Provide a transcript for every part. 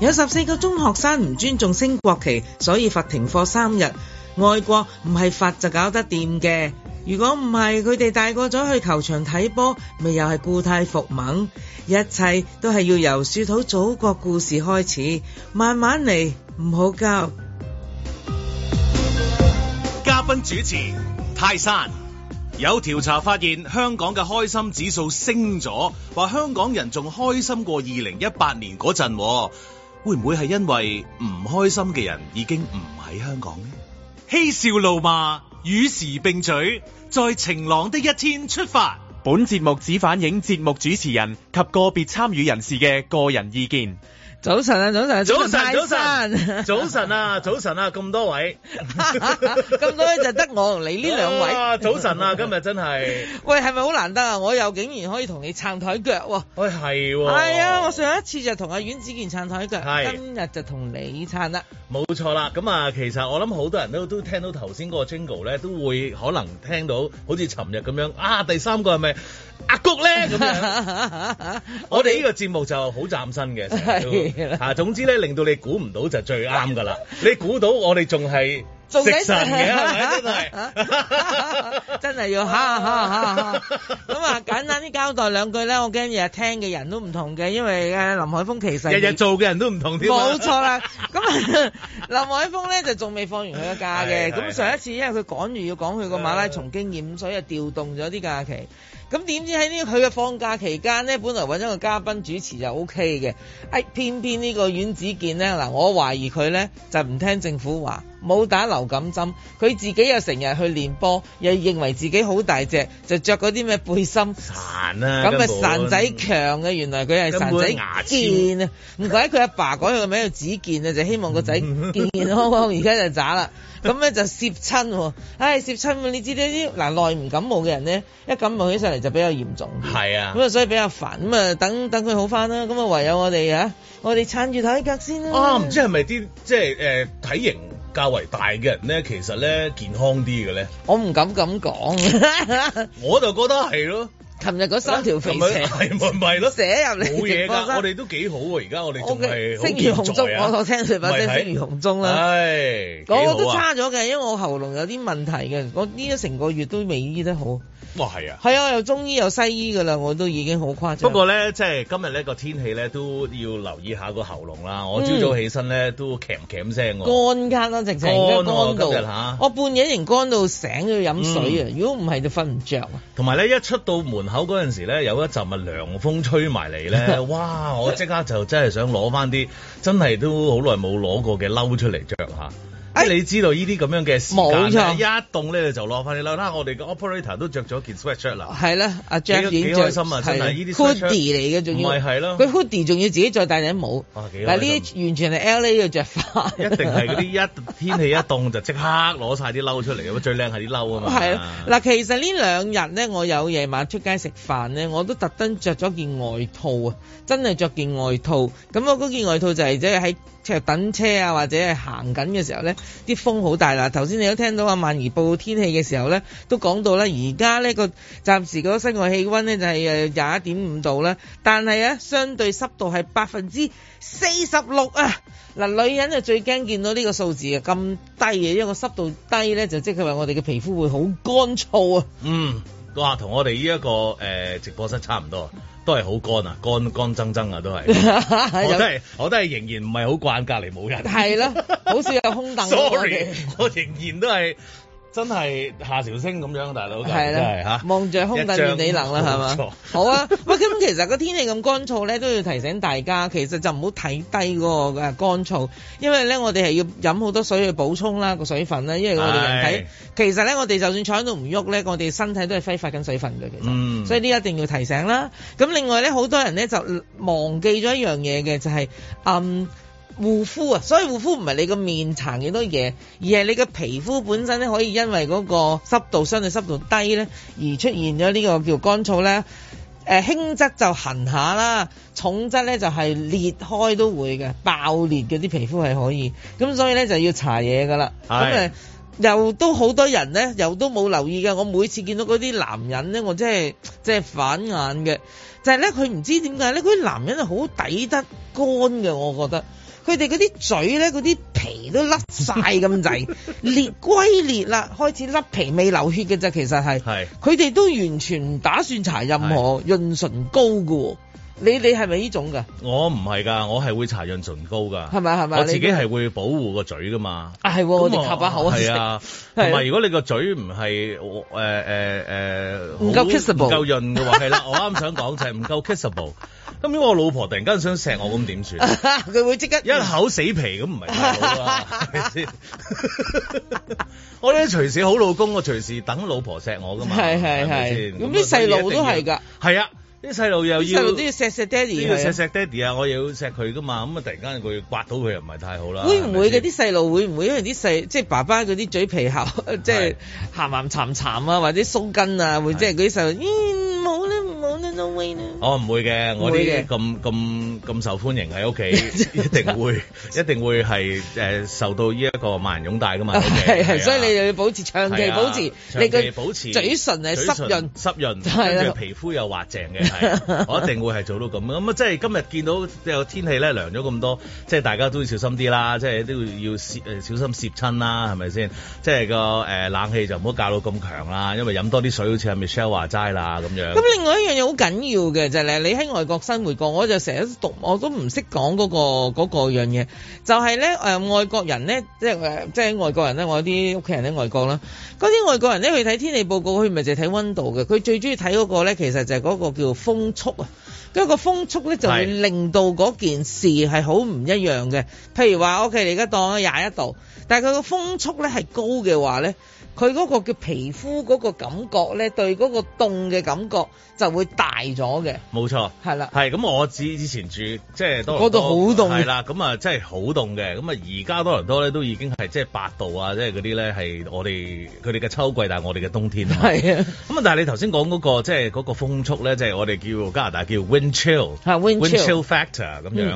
有十四個中學生唔尊重升國旗，所以罰停課三日。外國唔係罰就搞得掂嘅，如果唔係，佢哋大個咗去球場睇波，咪又係故態復萌。一切都係要由樹土祖國故事開始，慢慢嚟，唔好急。嘉賓主持：泰山。有調查發現，香港嘅開心指數升咗，話香港人仲開心過二零一八年嗰陣，會唔會係因為唔開心嘅人已經唔喺香港呢？嬉笑怒罵，與時並舉，在晴朗的一天出發。本節目只反映節目主持人及個別參與人士嘅個人意見。早晨啊，早晨，早晨，早晨，早晨啊，早晨啊，咁、啊 啊啊、多位，咁多位就得我同你呢兩位。早晨啊，今日真係， 喂，係咪好難得啊？我又竟然可以同你撐台腳喂、啊，係喎、哎。係啊、哦哎，我上一次就同阿阮子健撐台腳，是今日就同你撐啦。冇錯啦，咁啊，其實我諗好多人都都聽到頭先嗰個 Jingle 咧，都會可能聽到好似尋日咁樣啊，第三個係咪阿谷咧咁樣 我哋呢個節目就好嶄新嘅。們 啊，總之咧，令到你估唔到就最啱噶啦！你估到我，我哋仲係食神嘅， 真係？要係要嚇嚇！咁啊，簡單啲交代兩句咧，我驚日日聽嘅人都唔同嘅，因為誒林海峰其實日日做嘅人都唔同添。冇錯啦，咁啊，林海峰咧就仲未放完佢嘅假嘅，咁上一次因為佢趕住要講佢個馬拉松經驗，是是所以啊調動咗啲假期。咁點知喺呢佢嘅放假期間咧，本來揾咗個嘉賓主持就 OK 嘅，哎，偏偏呢個阮子健咧，嗱，我懷疑佢咧就唔聽政府話。冇打流感針，佢自己又成日去練波，又認為自己好大隻，就着嗰啲咩背心。啊！咁啊散仔強嘅，原來佢係散仔健啊！唔怪佢阿爸改佢個名叫子健啦，就希望個仔健健康康。而家就渣啦，咁咧就攝親，唉攝親！你知呢啲嗱耐唔感冒嘅人咧，一感冒起上嚟就比較嚴重。係啊，咁啊所以比較煩。咁啊等等佢好翻啦。咁啊唯有我哋啊，我哋撐住睇格先啦。啊唔知係咪啲即係誒體型？較為大嘅人咧，其實咧健康啲嘅咧，我唔敢咁講， 我就覺得係咯。琴日嗰三條肥蛇，唔係咯，蛇入嚟冇嘢㗎。我哋都幾好喎，而家我哋仲係聲如洪鐘。我我聽佢把聲聲如洪鐘啦。唉，我我都差咗嘅，因為我喉嚨有啲問題嘅。我呢一成個月都未醫得好。哇，係啊！係啊，又中醫又西醫㗎啦，我都已經好誇張。不過咧，即係今日咧個天氣咧都要留意下個喉嚨啦。我朝早起身咧都攬攬聲，乾乾啦，直情乾到。我半夜型乾到醒要飲水啊！如果唔係就瞓唔著。同埋咧，一出到門口嗰陣時咧，有一陣啊，涼風吹埋嚟咧，哇！我即刻就真係想攞翻啲真係都好耐冇攞過嘅褸出嚟着吓。即你知道呢啲咁樣嘅冇錯，一凍咧就攞翻啲褸啦。我哋嘅 operator 都着咗件 swatch 啦，係啦。阿 Jack 幾開心啊！真係依啲 hoodie 嚟嘅，仲要咪係咯？佢 hoodie 仲要自己再戴頂帽。嗱，呢啲完全係 LA 嘅着法，一定係嗰啲一天氣一凍就即刻攞晒啲褸出嚟。咁最靚係啲褸啊嘛。係嗱，其實呢兩日咧，我有夜晚出街食飯咧，我都特登着咗件外套啊，真係着件外套。咁我嗰件外套就係即係喺。等車啊，或者係行緊嘅時候呢啲風好大啦。頭先你都聽到阿、啊、萬儀報天氣嘅時候呢，都講到呢。而家呢個暫時嗰個室外氣溫呢，就係誒廿一點五度啦。但係咧、啊、相對濕度係百分之四十六啊。嗱、啊，女人就最驚見到呢個數字啊咁低嘅，因為個濕度低呢，就即係話我哋嘅皮膚會好乾燥啊。嗯，哇，同我哋呢一個誒直播室差唔多。都係好乾啊，乾乾蒸蒸啊，都係。我都係，我都係仍然唔係好慣隔離冇人，係咯，好少有空凳。Sorry，我仍然都係。真係夏朝星咁樣，大佬係啦，望、啊、著空曬面地冷啦，係嘛？好啊，喂，咁其實個天氣咁乾燥咧，都要提醒大家，其實就唔好睇低個誒乾燥，因為咧我哋係要飲好多水去補充啦個水分啦。因為我哋人體其實咧我哋就算坐喺度唔喐咧，我哋身體都係揮發緊水分嘅，其實，嗯、所以呢一定要提醒啦。咁另外咧，好多人咧就忘記咗一樣嘢嘅，就係、是、嗯。護膚啊，所以護膚唔係你個面搽幾多嘢，而係你個皮膚本身咧，可以因為嗰個濕度相對濕度低咧，而出現咗呢個叫乾燥咧。誒、呃、輕則就痕下啦，重則咧就係裂開都會嘅，爆裂嗰啲皮膚係可以。咁所以咧就要搽嘢㗎喇。咁誒又都好多人咧，又都冇留意嘅。我每次見到嗰啲男人咧，我真係真係反眼嘅。就係咧佢唔知點解咧，嗰啲男人係好抵得乾嘅，我覺得。佢哋嗰啲嘴咧，嗰啲皮都甩晒咁滯，裂龜裂啦，開始甩皮未流血嘅啫，其實係，佢哋係都完全唔打算搽任何潤唇膏嘅。你你係咪呢種噶？我唔係噶，我係會搽潤唇膏噶，係咪係咪？我自己係會保護個嘴噶嘛。啊係，我哋吸下口先啊，唔係，如果你個嘴唔係誒誒誒唔夠 kissable，唔夠潤嘅話，係啦，我啱啱想講就係唔夠 kissable。咁如果我老婆突然間想錫我，咁點算？佢會即刻一口死皮咁，唔係最好啦，係咪先？我哋隨時好老公，我隨時等老婆錫我噶嘛。係係係。咁啲細路都係噶。係啊。啲細路又要，細路都要錫錫爹哋，都要錫錫爹哋啊！是我又要錫佢噶嘛，咁啊突然間佢刮到佢又唔係太好啦。會唔會嘅啲細路會唔會？因為啲細，即係爸爸啲嘴皮厚，即係鹹鹹沉沉啊，或者鬚根啊，會即係啲細路，咦冇啦冇啦。我唔會嘅，我啲咁咁咁受歡迎喺屋企，一定會一定會係誒受到呢一個萬人擁戴嘅嘛。所以你就要保持長期保持你個嘴唇係濕潤，濕潤，佢皮膚又滑淨嘅，我一定會係做到咁。咁啊，即係今日見到又天氣咧涼咗咁多，即係大家都要小心啲啦，即係都要要小心攝親啦，係咪先？即係個誒冷氣就唔好教到咁強啦，因為飲多啲水好似阿 Michelle 話齋啦咁樣。咁另外一樣嘢好緊要嘅就係、是、你喺外國生活過，我就成日讀，我都唔識講嗰個嗰、那個樣嘢。就係、是、呢，誒、呃、外國人呢，即係即係外國人呢，我啲屋企人喺外國啦。嗰啲外國人呢，去睇天氣報告，佢唔係淨係睇溫度嘅，佢最中意睇嗰個呢，其實就係嗰個叫風速啊。跟、那、住個風速呢，就會令到嗰件事係好唔一樣嘅。是譬如話，O K，你而家當咗廿一度，但係佢個風速呢係高嘅話呢。佢嗰個叫皮膚嗰個感覺咧，對嗰個凍嘅感覺就會大咗嘅。冇錯，係啦的，係咁。我之之前住即係多倫多，嗰度好凍，係啦，咁啊，真係好凍嘅。咁啊，而家多倫多咧都已經係即係八度啊，即係嗰啲咧係我哋佢哋嘅秋季，但係我哋嘅冬天咯。係啊的，咁啊，但係你頭先講嗰個即係嗰個風速咧，即、就、係、是、我哋叫加拿大叫 wind chill，wind chill. wind chill factor 咁樣。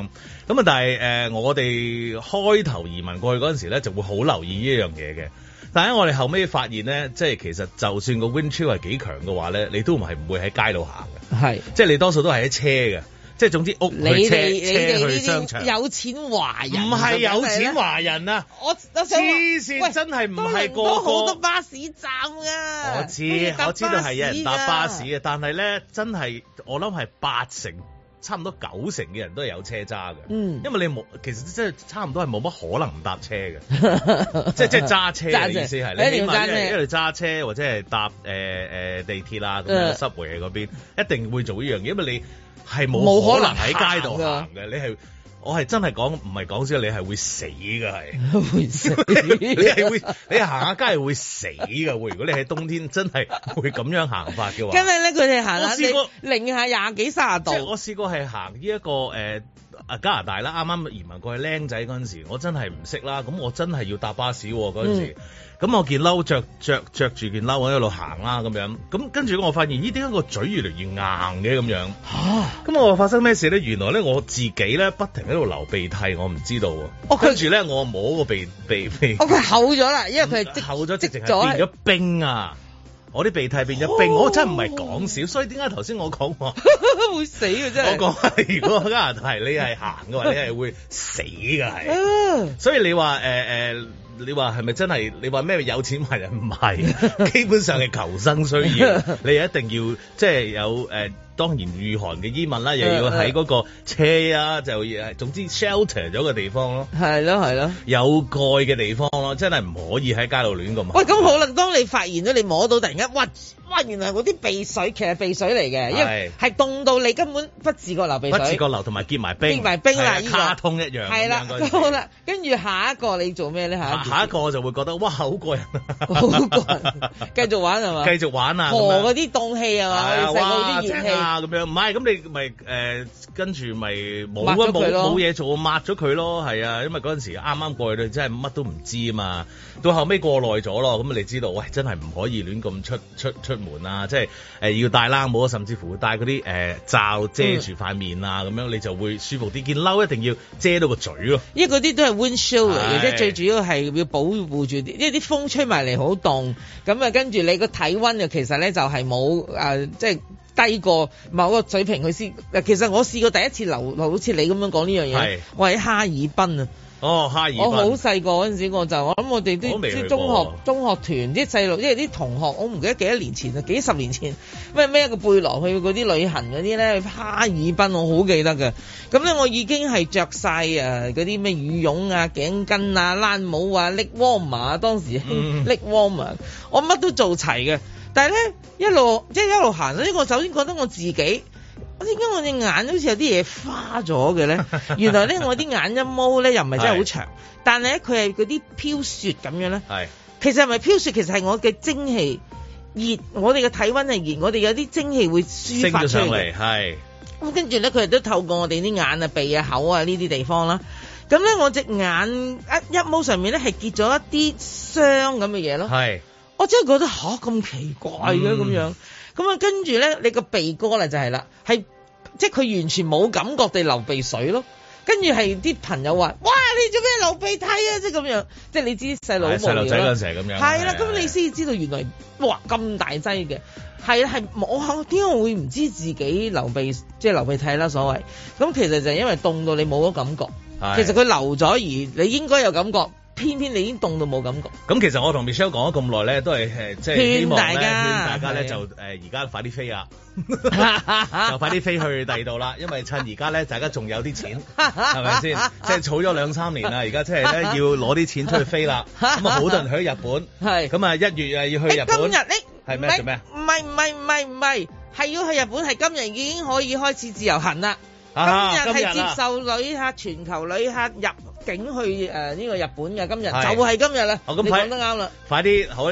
咁啊、嗯，但係誒、呃，我哋開頭移民過去嗰陣時咧，就會好留意呢一樣嘢嘅。但係我哋後尾發現咧，即係其實就算個 wind chill 係幾強嘅話咧，你都唔係唔會喺街度行嘅，係是即係你多數都係喺車嘅，即係總之屋企去車，們車去商場，有錢華人，唔係有錢華人啊！我黐線喂真係唔係個個都好多巴士站㗎，我知我知道係有人搭巴士嘅，但係咧真係我諗係八成。差唔多九成嘅人都係有車揸嘅，嗯，因為你冇，其實即係差唔多係冇乜可能唔搭車嘅，即係即係揸車嘅意思係，你你一路揸車或者係搭誒誒地鐵啊，同埋 Subway 嗰邊一定會做呢樣嘢，因為你係冇冇可能喺街度行嘅，你係。我係真係講，唔係講笑，你係會死嘅，係 會死的， 你係會，你行下街係會死嘅喎。如果你喺冬天真係會咁樣行法嘅話，因為咧佢哋行下零下廿幾卅度，我試過係行呢、這、一個誒啊、呃、加拿大啦，啱啱移民過去僆仔嗰陣時，我真係唔識啦，咁我真係要搭巴士嗰、啊、陣時。嗯。咁我件褸着着着住件褸喺度行啦咁樣，咁跟住我發現咦點解個嘴越嚟越硬嘅咁樣，咁蛤我發生咩事咧？原來咧我自己咧不停喺度流鼻涕，我唔知道。哦，跟住咧我摸個鼻鼻鼻，鼻哦佢厚咗啦，因為佢係積厚咗直咗變咗冰啊！了我啲鼻涕變咗冰，哦、我真係唔係講笑，所以點解頭先我講話 會死嘅啫？我講話如果加拿大你係行嘅話， 你係會死嘅係， 所以你話誒誒。呃呃你話係咪真係？你話咩有錢買就唔係，基本上係求生需要。你一定要即係有誒、呃，當然御寒嘅衣物啦，又要喺嗰個車啊，就總之 shelter 咗個地方咯。係咯係咯，有蓋嘅地方咯，真係唔可以喺街度亂咁行。喂，咁可能當你發現咗，你摸到突然間屈。哇！原來我啲鼻水其實鼻水嚟嘅，因為係凍到你根本不自覺流鼻水，不自覺流同埋結埋冰，結埋冰啦！卡通一樣、啊，係啦，好啦，跟住下一個你做咩咧？下一下一個我就會覺得哇，好過癮、啊，好過癮，繼續玩係嘛？繼續玩啊！磨嗰啲凍氣啊，哇！嗰啲熱氣咁、啊、樣，唔係咁你咪誒、呃、跟住咪冇啊冇嘢做抹咗佢咯，係啊！因為嗰陣時啱啱過去真係乜都唔知啊嘛，到後尾過耐咗咯，咁你知道喂，真係唔可以亂咁出出出。出出出門啊，即係誒要戴冷帽，甚至乎會戴嗰啲誒罩遮住塊面啊，咁、嗯、樣你就會舒服啲。件褸一定要遮到個嘴咯是，因為嗰啲都係 wind show 嚟嘅，即係最主要係要保護住啲，因為啲風吹埋嚟好凍，咁啊跟住你個體溫啊，其實咧就係冇誒，即、呃、係、就是、低過某個水平，佢先。其實我試過第一次流，好似你咁樣講呢樣嘢，是我喺哈爾濱啊。哦，oh, 哈爾濱，我好細個嗰陣時，我就我諗我哋啲啲中學中學團啲細路，因為啲同學，我唔記得幾多年前啊，幾十年前，咩咩一個背囊去嗰啲旅行嗰啲咧去哈爾濱，我好記得嘅。咁咧，我已經係着晒啊嗰啲咩羽絨啊、頸巾啊、冷帽啊、leg warmer 當時 leg warmer 我乜都做齊嘅。但係咧一路即係一路行呢，我首先覺得我自己。我點解我隻眼好似有啲嘢花咗嘅咧？原來咧我啲眼一毛咧又唔係真係好長， 是但係咧佢係嗰啲飄雪咁樣咧。係其實係咪飄雪，其實係我嘅蒸汽熱。我哋嘅體溫係熱，我哋有啲蒸汽會抒發出嚟。係咁跟住咧，佢哋都透過我哋啲眼啊、鼻啊、口啊呢啲地方啦。咁咧我隻眼一一毛上面咧係結咗一啲霜咁嘅嘢咯。係是我真係覺得吓咁奇怪嘅咁樣。嗯咁啊，跟住咧，你個鼻哥咧就係啦，係即係佢完全冇感覺地流鼻水咯。跟住係啲朋友話：哇，你做咩流鼻涕啊？即係咁樣，即係你知細佬細路仔嗰陣係咁樣。係啦，咁你先知道原來，哇咁大劑嘅，係啊係冇啊，點解會唔知自己流鼻即係流鼻涕啦？所謂咁其實就係因為凍到你冇咗感覺，的其實佢流咗而你應該有感覺。偏偏你已經凍到冇感覺。咁其實我同 Michelle 講咗咁耐咧，都係誒，即、呃、係、就係、希望咧，勸大家咧的就誒，而、呃、家快啲飛啊， 就快啲飛去第二度啦。因為趁而家咧，大家仲有啲錢，係咪先？ 即係儲咗兩三年啦，而家即係咧要攞啲錢出去飛啦。咁啊，好多人去日本，係咁啊，一月啊要去日本。欸、今日你係咩做咩啊？唔係唔係唔係唔係，係嗎要去日本。係今日已經可以開始自由行啦。 今日係接受旅客，全球旅客入。警去誒呢、呃這個日本嘅今日是就係今日啦，咁你講得啱啦，快啲好。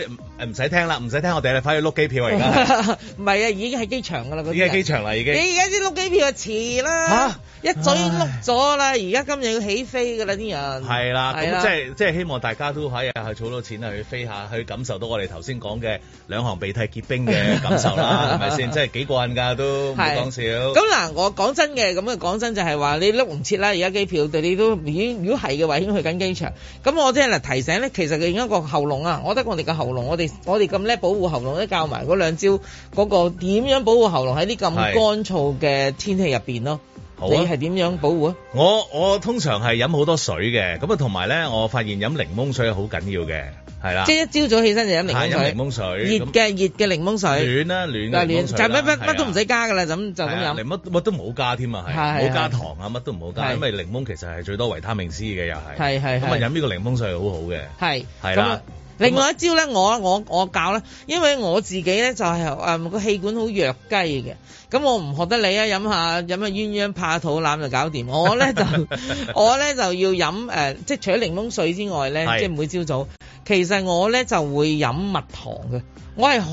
唔使聽啦，唔使聽我，我哋咧快去碌機票，而家唔係啊，已經係機場噶啦，已經係機場啦，已經你而家先碌機票就遲啦，啊、一早已經碌咗啦，而家唉今日要起飛噶啦啲人。係 啦、啊，咁即係即係希望大家都可以啊，儲到錢啊，去飛下去感受到我哋頭先講嘅兩行鼻涕結冰嘅感受啦，係咪先？真係幾過癮㗎，都唔講笑。咁嗱 我講真嘅，咁啊講真就係話你碌唔切啦，而家機票對你都如果如果係嘅話，已經去緊機場。咁我即係提醒咧，其實嘅一個喉嚨啊，我覺得我哋嘅喉嚨，我哋。我哋咁叻保護喉嚨，都教埋嗰兩招，嗰個點樣保護喉嚨喺啲咁乾燥嘅天氣入邊咯？你係點樣保護啊？我我通常係飲好多水嘅，咁啊同埋咧，我發現飲檸檬水好緊要嘅，係啦。即係一朝早起身就飲檸檬水。係飲檸檬水。熱嘅熱嘅檸檬水。暖啦暖。就乜乜乜都唔使加噶啦，咁就咁飲。你乜乜都唔好加添啊，係。係冇加糖啊，乜都唔好加，因為檸檬其實係最多維他命 C 嘅又係。係係。咁啊，飲呢個檸檬水好好嘅。係。係啦。另外一招咧，我我我教啦，因為我自己咧就係誒個氣管好弱雞嘅，咁我唔學得你啊，飲下飲下鴛鴦怕肚腩就搞掂。我咧就 我咧就要飲誒、呃，即係除咗檸檬水之外咧，是即係每朝早，其實我咧就會飲蜜糖嘅，我係好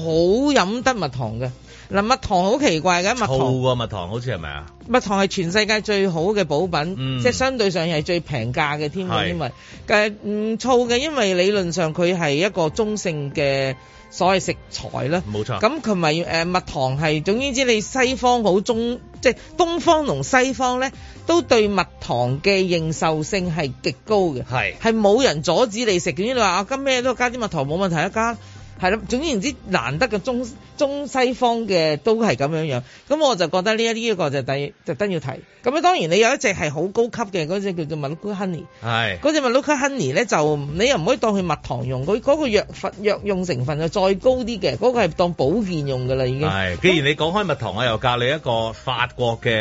飲得蜜糖嘅。嗱，蜜糖好奇怪嘅，蜜糖㗎，蜜糖好似係咪啊？蜜糖係全世界最好嘅補品，嗯、即係相對上係最平價嘅添，因為誒唔燥嘅，因為理論上佢係一個中性嘅所謂食材啦。冇、嗯、錯。咁佢咪誒蜜糖係總言之，你西方好中，即係東方同西方咧都對蜜糖嘅認受性係極高嘅。係是。係冇人阻止你食嘅，因為你話啊，今咩都加啲蜜糖冇問題一加係啦。總言之，難得嘅中。中西方嘅都係咁樣樣，咁我就覺得呢一呢一個就第特登要提。咁咧當然你有一隻係好高級嘅嗰隻叫做麥蘆卡 honey，係嗰隻麥蘆卡 honey 咧就你又唔可以當佢蜜糖用，佢嗰個藥用成分就再高啲嘅，嗰個係當保健用嘅啦已經。係，既然你講開蜜糖我又教你一個法國嘅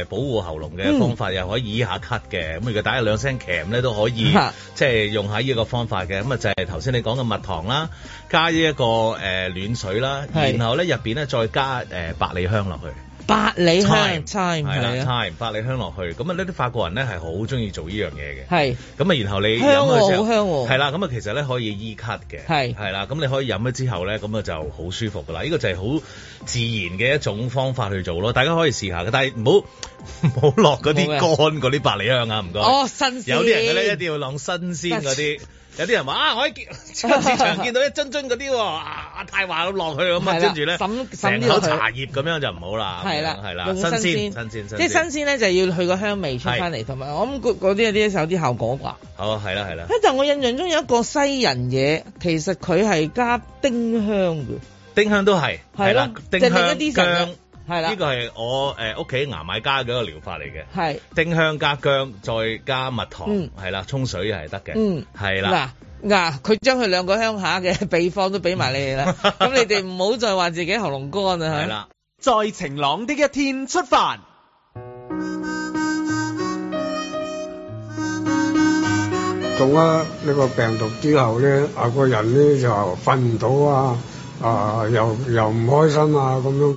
誒保護喉嚨嘅方法，又可以以下咳嘅，咁如果打下兩聲咳咧都可以，即係用下呢個方法嘅，咁啊就係頭先你講嘅蜜糖啦。加呢、這、一個誒、呃、暖水啦，是然後咧入邊咧再加誒百里香落去。百里香係啦，百里香落去，咁啊呢啲法國人咧係好中意做呢樣嘢嘅。係咁啊，然後你香喎、啊，好香、啊。係啦，咁啊其實咧可以 E cut 嘅。係係啦，咁你可以飲咗之後咧，咁啊就好舒服噶啦。呢、這個就係好自然嘅一種方法去做咯，大家可以試下嘅，但係唔好。唔好落嗰啲乾嗰啲百里香啊，唔該。哦，新鮮。有啲人嘅咧一定要落新鮮嗰啲，有啲人話啊，我喺市場見到一樽樽嗰啲，啊太華攞落去咁啊，跟住咧，成口茶葉咁樣就唔好啦。係啦，係啦，新鮮、新鮮，即係新鮮咧，就要去個香味出翻嚟，同埋我諗嗰嗰啲有啲效果啩。好，係啦，係啦。但就我印象中有一個西人嘢，其實佢係加丁香嘅，丁香都係，係咯，就係一啲香。係啦，呢個係我誒屋企牙買加嘅一個療法嚟嘅，係丁香加薑再加蜜糖，係啦沖水係得嘅，嗯，係啦嗱，嗱佢將佢兩個鄉下嘅秘方都俾埋你哋啦，咁你哋唔好再話自己喉嚨乾啊，係啦，在晴朗的一天出發，中咗呢個病毒之後咧，啊個人咧就瞓唔到啊，啊又又唔開心啊咁樣。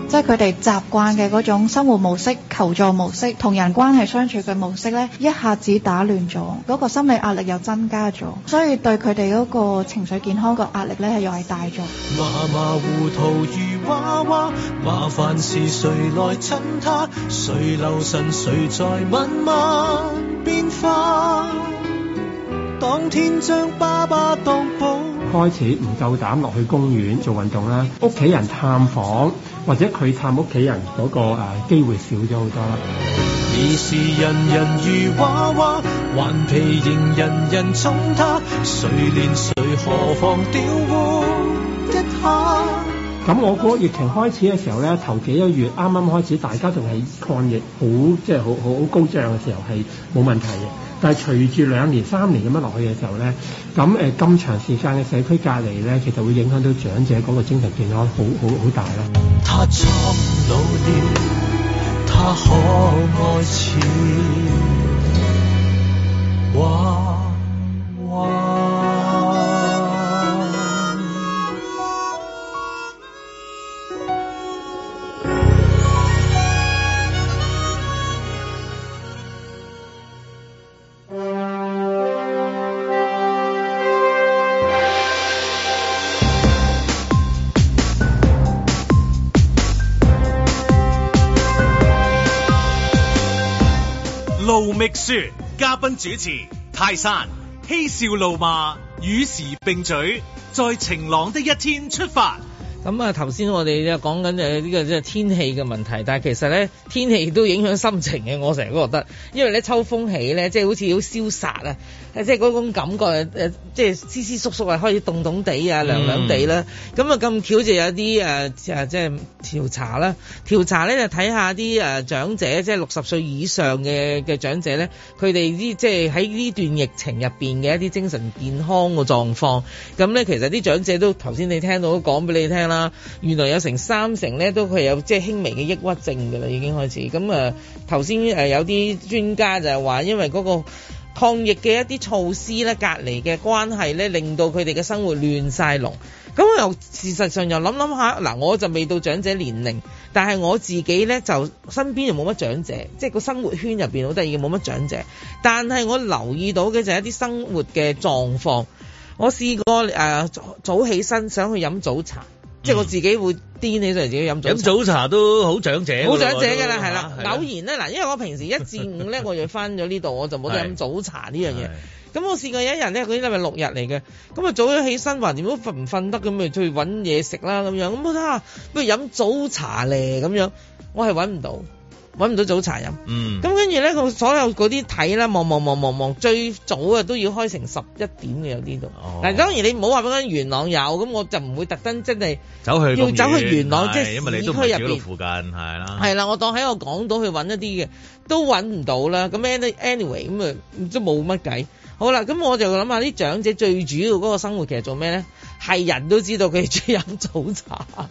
即係佢哋習慣嘅嗰種生活模式、求助模式、同人關係相處嘅模式咧，一下子打亂咗，嗰個心理壓力又增加咗，所以對佢哋嗰個情緒健康個壓力咧係又係大咗。媽媽糊塗如娃娃，麻煩是誰來親他誰流神？誰在問變化？當天將爸爸當寶。開始唔夠膽落去公園做運動啦，屋企人探訪。或者佢探屋企人嗰個誒機會少咗好多啦。咁我覺得疫情開始嘅時候咧，頭幾個月啱啱開始，大家仲係抗疫好即係好好高漲嘅時候，係冇問題嘅。但係隨住兩年、三年咁樣落去嘅時候咧，咁誒咁長時間嘅社區隔離咧，其實會影響到長者嗰個精神健康，好好好大咯。 說嘉賓主持，泰山嬉笑怒罵，與時並舉，在晴朗的一天出發。咁啊，頭先我哋就講緊誒呢個即係天氣嘅問題，但係其實咧天氣都影響心情嘅。我成日都覺得，因為咧秋風起咧，即係好似好蕭殺啊，即係嗰種感覺誒，即係絲絲縮縮啊，開始凍凍地啊，涼涼地啦。咁啊咁巧就有啲誒即係調查啦，調查咧就睇下啲誒長者，即係六十歲以上嘅嘅長者咧，佢哋呢即係喺呢段疫情入邊嘅一啲精神健康個狀況，咁咧，其實啲長者都頭先你聽到都講俾你聽。啦，原來有成三成咧，都佢有即係輕微嘅抑鬱症嘅啦，已經開始咁啊。頭先誒有啲專家就係話，因為嗰個抗疫嘅一啲措施咧、隔離嘅關係咧，令到佢哋嘅生活亂晒龍。咁、嗯、我又事實上又諗諗下嗱，我就未到長者年齡，但係我自己咧就身邊又冇乜長者，即係個生活圈入邊好得意冇乜長者。但係我留意到嘅就係一啲生活嘅狀況。我試過誒、呃、早起身想去飲早茶。即係我自己會癲起上嚟，自己飲早飲早茶都好長者，好長者嘅啦，係啦都。的偶然咧，嗱的，因為我平時一至五咧， 我就返咗呢度，我就冇得飲早茶呢樣嘢。咁的我試過有一日咧，嗰啲係禮拜六日嚟嘅？咁啊早咗起身話點都瞓唔瞓得，咁咪出去揾嘢食啦咁樣。咁啊不如飲早茶咧咁樣，我係揾唔到。搵唔到早茶飲，咁、嗯、跟住咧，個所有嗰啲睇啦，望望望望望，最早啊都要開成十一點嘅有啲度。嗱、哦，但當然你唔好話俾我元朗有，咁我就唔會特登即係要走去元朗，的即係市區入邊附近係啦。係啦，我當喺我港島去揾一啲嘅，都揾唔到啦。咁 anyway，咁啊都冇乜計。好啦，咁我就諗下啲長者最主要嗰個生活其實做咩咧？係人都知道佢中意飲早茶。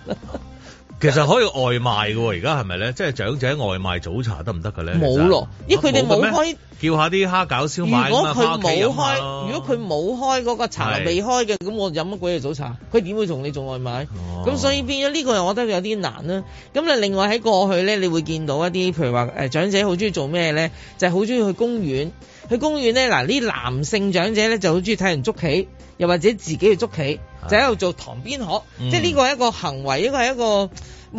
其實可以外賣嘅喎，而家係咪咧？即係長者外賣早茶得唔得嘅咧？冇咯，咦？佢哋冇開，叫下啲蝦餃燒賣。如果佢冇開，如果佢冇開嗰個茶未開嘅，咁的我飲乜鬼嘢早茶？佢點會同你做外賣？咁、哦、所以變咗呢個又我覺得有啲難啦、啊。咁你另外喺過去咧，你會見到一啲，譬如話誒長者好中意做咩咧？就係好中意去公園。去公園咧，嗱呢男性長者咧就好中意睇人捉棋。又或者自己去捉棋，就喺度做塘邊鶴。啊、即係呢個係一個行為，這個、一個係一個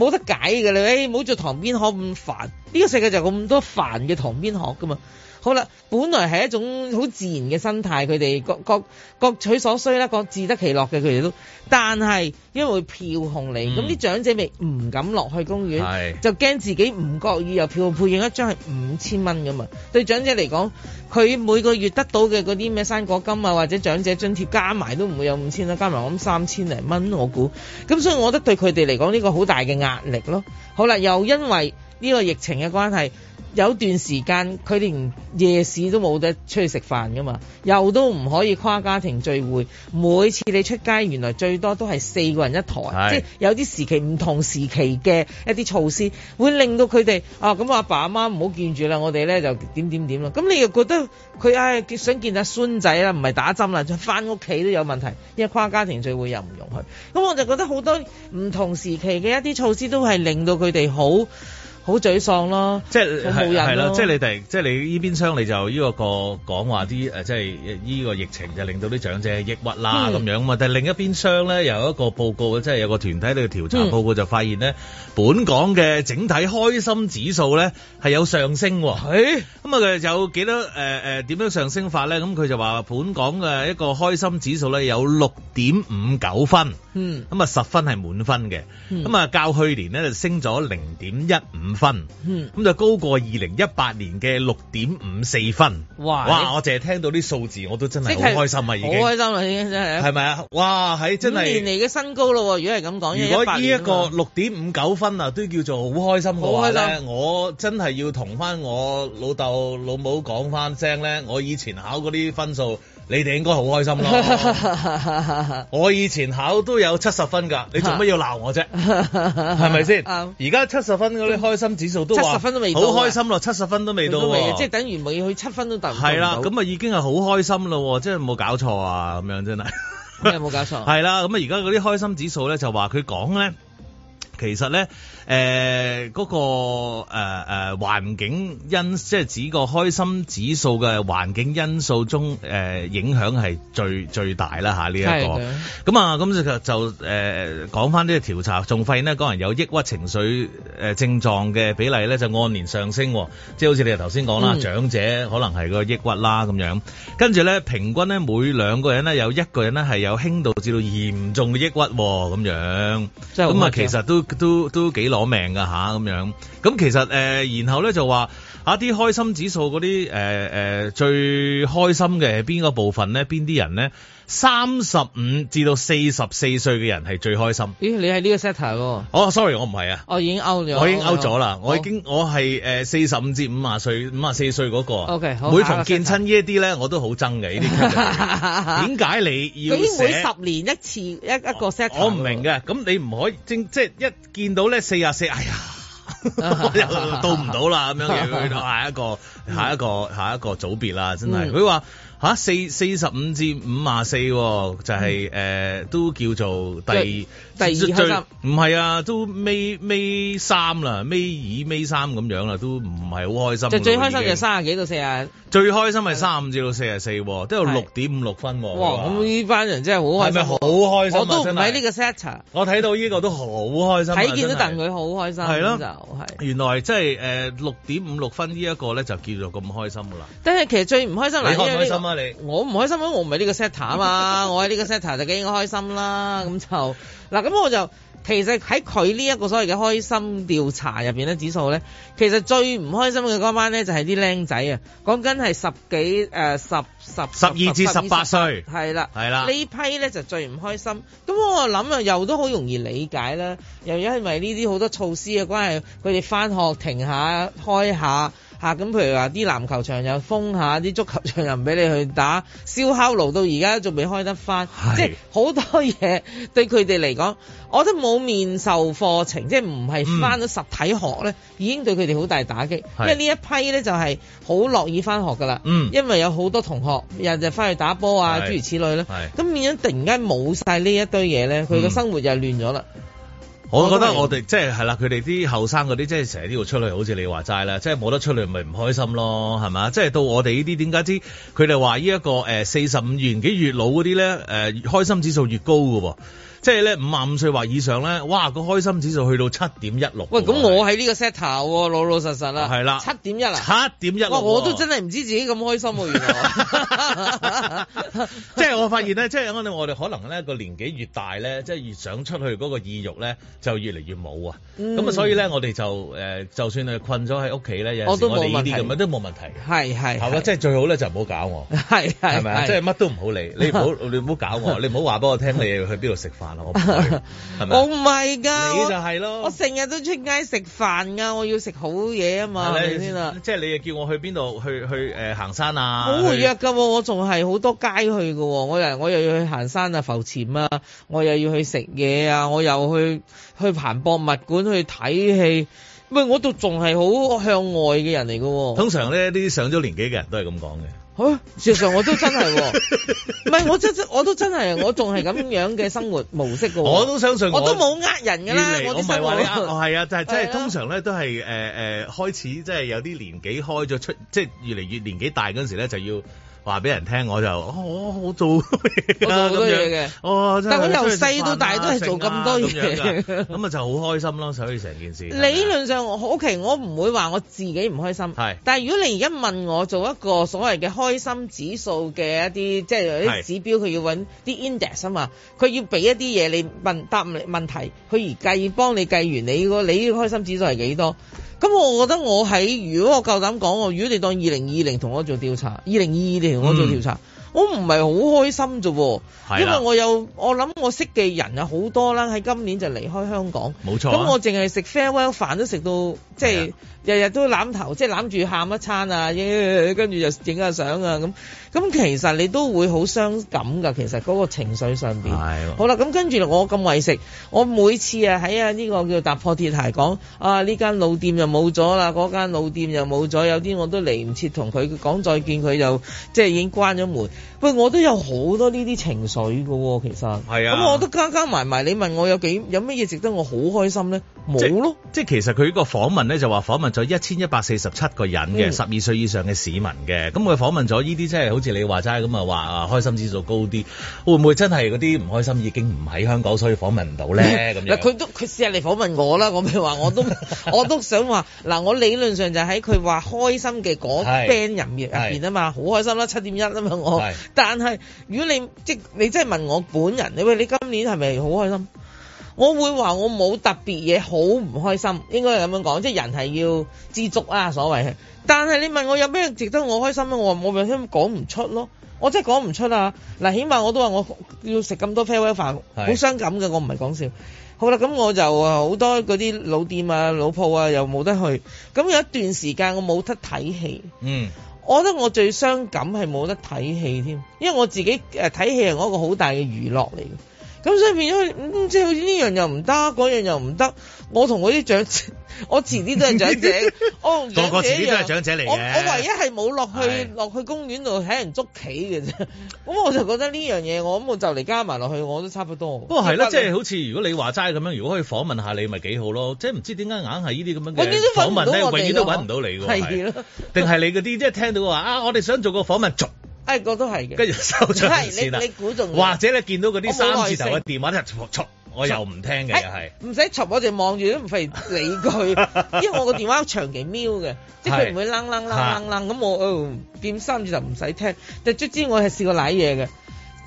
冇得解嘅你誒，哎、唔好做塘邊鶴咁煩。呢、這個世界就係咁多煩嘅塘邊鶴噶嘛。好啦，本來係一種好自然嘅心態，佢哋各各各取所需啦，各自得其樂嘅，佢哋都。但係因為票控嚟，咁啲、嗯、長者咪唔敢落去公園，的就驚自己唔覺意又票控配影一張係五千蚊㗎嘛。對長者嚟講，佢每個月得到嘅嗰啲咩生果金啊，或者長者津貼加埋都唔會有五千啦，加埋我諗三千零蚊我估。咁所以我覺得對佢哋嚟講呢個好大嘅壓力咯。好啦，又因為呢個疫情嘅關係。有段時間，佢連夜市都冇得出去食飯噶嘛，又都唔可以跨家庭聚會。每次你出街，原來最多都係四個人一枱，是即係有啲時期唔同時期嘅一啲措施，會令到佢哋啊咁阿爸阿媽唔好見住啦。我哋咧就點點點咯。咁你又覺得佢唉想見下孫仔啦，唔係打針啦，就返屋企都有問題，因為跨家庭聚會又唔容許。咁我就覺得好多唔同時期嘅一啲措施都係令到佢哋好。好沮喪咯，即係好冇癮咯。即係你哋，即係你呢邊廂，你就呢個個講話啲誒，即係呢個疫情就令到啲長者抑鬱啦咁樣啊嘛。但係另一邊廂咧，有一個報告，即係有個團體呢個調查報告就發現呢，本港嘅整體開心指數咧係有上升喎。咁啊，佢有幾多誒誒點樣上升法咧？咁佢就話本港嘅一個開心指數咧有六點五九分，嗯，咁、嗯、啊十分係滿分嘅，咁啊較去年呢，就升咗零點一五。嗯、分，咁就高過二零一八年嘅六點五四分。哇！哇！我淨係聽到啲數字，我都真係好開心啊，心啊已經好開心啦，啊，已經真係。係咪啊？哇！係真係五年嚟嘅新高咯。如果係咁講，如果呢一個六點五九分啊，都叫做好開心嘅話咧，我真係要同翻我老豆老母講翻聲咧，我以前考嗰啲分數。你哋應該好開心咯！ 我以前考都有七十分㗎，你做乜要鬧我啫？係咪先？而家七十分嗰啲開心指數都七十分都未到，好開心咯！七十分都未到，未到即係等於未去七分都達唔到、啊。係啦，咁啊已經係好開心咯！即係冇搞錯啊！咁樣真係，係有冇搞錯。係啦、 啊，咁啊而家嗰啲開心指數咧就話佢講咧。其實咧，誒嗰個誒誒環境因，即係指個開心指數嘅環境因素中，誒影響係最最大啦嚇呢一個。咁啊，咁就就誒講翻呢個調查，仲發現呢嗰人有抑鬱情緒誒症狀嘅比例咧，就按年上升。即係好似你頭先講啦，長者可能係個抑鬱啦咁樣。跟住咧，平均咧每兩個人呢，有一個人呢係有輕度至到嚴重嘅抑鬱咁樣。咁啊，其實都。都都幾攞命㗎吓，咁樣咁其實誒、呃，然後咧就話啊啲開心指數嗰啲誒誒最開心嘅邊個部分咧，邊啲人咧？三十五至到四十四歲嘅人係最開心。咦,你係呢個 set？哦，sorry，我唔係啊。我已經 out 咗。我已經 out 咗啦。我已經我係誒四十五至五啊歲五啊四歲嗰個。ok 好。每逢見親呢一啲咧，我都好憎嘅依啲。點解你要每十年一次一一個 set？我唔明嘅。咁你唔可以正即係一見到咧四廿四，哎呀，到唔到啦咁樣嘅。去到下一個下一個下一個組別啦，真係佢話。吓，四四十五至五廿四，就係誒，都叫做第。 最唔係啊，都尾尾三啦，尾二尾三咁樣啦，都唔係好開心。就最開心就三十幾到四啊。最開心係三五至到四十四，都有六點五六分喎。哇！咁呢班人真係好係咪好開心？我都唔係呢個 s e t 我睇到呢個都好開心，睇見都戥佢好開心。係咯，就係原來即係誒六點五六分呢一個咧，就叫做咁開心噶啦。但係其實最唔開心心因你？我唔開心我唔係呢個 s e t 啊嘛，我喺呢個 setter 就應開心啦，咁就。嗱，咁我就其實喺佢呢一個所謂嘅開心調查入邊咧，指數咧，其實最唔開心嘅嗰班咧就係啲靚仔啊，講緊係十幾誒、呃、十十十二至十八歲，係啦係啦，呢批咧就最唔開心。咁我諗啊，又都好容易理解啦，又因為呢啲好多措施嘅關係，佢哋返學停下開下。吓，咁、啊、譬如話啲籃球場又封下，啲足球場又唔俾你去打，燒烤爐到而家仲未開得翻，是即係好多嘢對佢哋嚟講，我都冇面授課程，即係唔係翻咗實體學咧，已經對佢哋好大打擊。是因為呢一批咧就係好樂意翻學㗎啦，是因為有好多同學日日翻去打波啊，是諸如此類啦。咁變咗突然間冇晒呢一堆嘢咧，佢個生活就又亂咗啦。我覺得我哋即係係啦，佢哋啲後生嗰啲即係成日都要出去，好似你話齋啦，即係冇得出嚟咪唔開心咯，係嘛？即係到我哋呢啲點解知佢哋話呢一個誒四十五年幾越老嗰啲咧誒開心指數越高嘅喎？即係咧五十五歲或以上咧，哇個開心指數去到七點一六。喂，咁我喺呢個 set 頭，老老實實啦。係啦，七點一啊，七點一六。我都真係唔知自己咁開心喎，原來。即係我發現咧，即係我哋可能咧個年紀越大咧，即係越想出去嗰個意欲咧就越嚟越冇啊。咁啊，所以咧我哋就誒就算係困咗喺屋企咧，有時我哋呢啲咁樣都冇問題。係係。係即係最好咧就唔好搞我。係係。咪即係乜都唔好理，你唔好你唔好搞我，你唔好話俾我聽你要去邊度食飯。我唔係㗎，你就係咯。我成日都出街食飯㗎，我要食好嘢啊嘛。的你先啊？即係你又叫我去邊度？去去誒行山啊！好活躍㗎，去我仲係好多街去㗎、啊。我又我又要去行山啊，浮潛啊，我又要去食嘢啊，我又去去行博物館去睇戲。喂，我都仲係好向外嘅人嚟、啊、㗎。通常咧，啲上咗年紀嘅人都係咁講嘅。啊！事實上、哦、我都真係喎、哦，唔係 我真真我都真係，我仲係咁樣嘅生活模式喎、哦。我都相信我，我都冇呃人㗎啦。原來 我唔係話你我，我係、哦、啊，就係、啊、即係通常咧都係誒誒開始，即係有啲年紀開咗出，即係越嚟越年紀大嗰陣時咧就要。話俾人聽我就，我、哦、我做好多嘢嘅、啊， 樣但係我由細到大都係做咁多嘢、啊，咁啊就好開心咯，所以成件事。理論上我好奇，我唔會話我自己唔開心，係是。但係如果你而家問我做一個所謂嘅開心指數嘅一啲，即係啲指標，佢要搵啲 index 啊嘛，佢要俾一啲嘢你問答問問題，佢而計幫你計完你個你開心指數係幾多，咁我覺得我喺如果我夠膽講，如果你當二零二零同我做調查，二零二二年。我做調查。嗯我唔係好開心啫，的因為我有我諗我識嘅人有好多啦，喺今年就離開香港。冇錯、啊，咁我淨係食 farewell 飯都食到，即係日日都攬頭，即係攬住喊一餐啊，跟住就影下相啊，咁咁其實你都會好傷感㗎。其實嗰個情緒上邊，係的。好啦，咁跟住我咁為食，我每次啊喺啊呢個叫踏破鐵鞋講啊呢間老店又冇咗啦，嗰間老店又冇咗，有啲我都嚟唔切同佢講再見，佢就即係已經關咗門。喂，我都有好多呢啲情緒嘅喎、哦，其實係啊，咁我都加加埋埋，你問我有幾有乜嘢值得我好開心咧？冇咯，即係其實佢呢個訪問咧就話訪問咗一千一百四十七個人嘅十二歲以上嘅市民嘅，咁佢訪問咗呢啲即係好似你話齋咁啊話啊開心指數高啲，會唔會真係嗰啲唔開心已經唔喺香港，所以訪問唔到咧咁樣？佢 都佢試下嚟訪問我啦，我咪話我都 我都想話嗱，我理論上就喺佢話開心嘅嗰 band 人入邊啊嘛，好開心啦，七點一啊嘛我。但係如果你即係你真係問我本人，你話你今年係咪好開心？我會話我冇特別嘢，好唔開心，應該係咁樣講，即係人係要知足啊，所謂。但係你問我有咩值得我開心咧，我我又真講唔出咯，我真講唔出啊！嗱，起碼我都話我要食咁多 farewell 飯，好傷是感嘅，我唔係講笑。好啦，咁我就好多嗰啲老店啊、老鋪啊，又冇得去。咁有一段時間我冇得睇戲，嗯。我覺得我最傷感係冇得睇戲添，因為我自己誒睇戲係我一個好大嘅娛樂嚟。咁所以變咗，即係好似呢樣又唔得，嗰樣又唔得。我同嗰啲長者， 我遲啲都係長者，我個個自己都係長者嚟嘅。我唯一係冇落去落是去公園度睇人捉棋嘅啫。咁 我就覺得呢樣嘢，我咁我就嚟加埋落去，我都差不多。不過係啦，即係好似如果你話齋咁樣，如果可以訪問下你，咪幾好咯？即係唔知點解硬係呢啲咁樣嘅訪問咧，永遠都揾唔到你㗎，定係你嗰啲即係聽到話啊，我哋想做個訪問。個都係嘅，跟住收咗錢啦。或者你見到嗰啲三字頭嘅電話咧，嘈我又唔聽嘅，又係唔使嘈，我淨望住都唔費理佢， 因為我個電話長期瞄嘅，即係佢唔會楞楞楞楞楞咁。我哦見、呃、三字頭唔使聽，但係卒之我係試過舐嘢嘅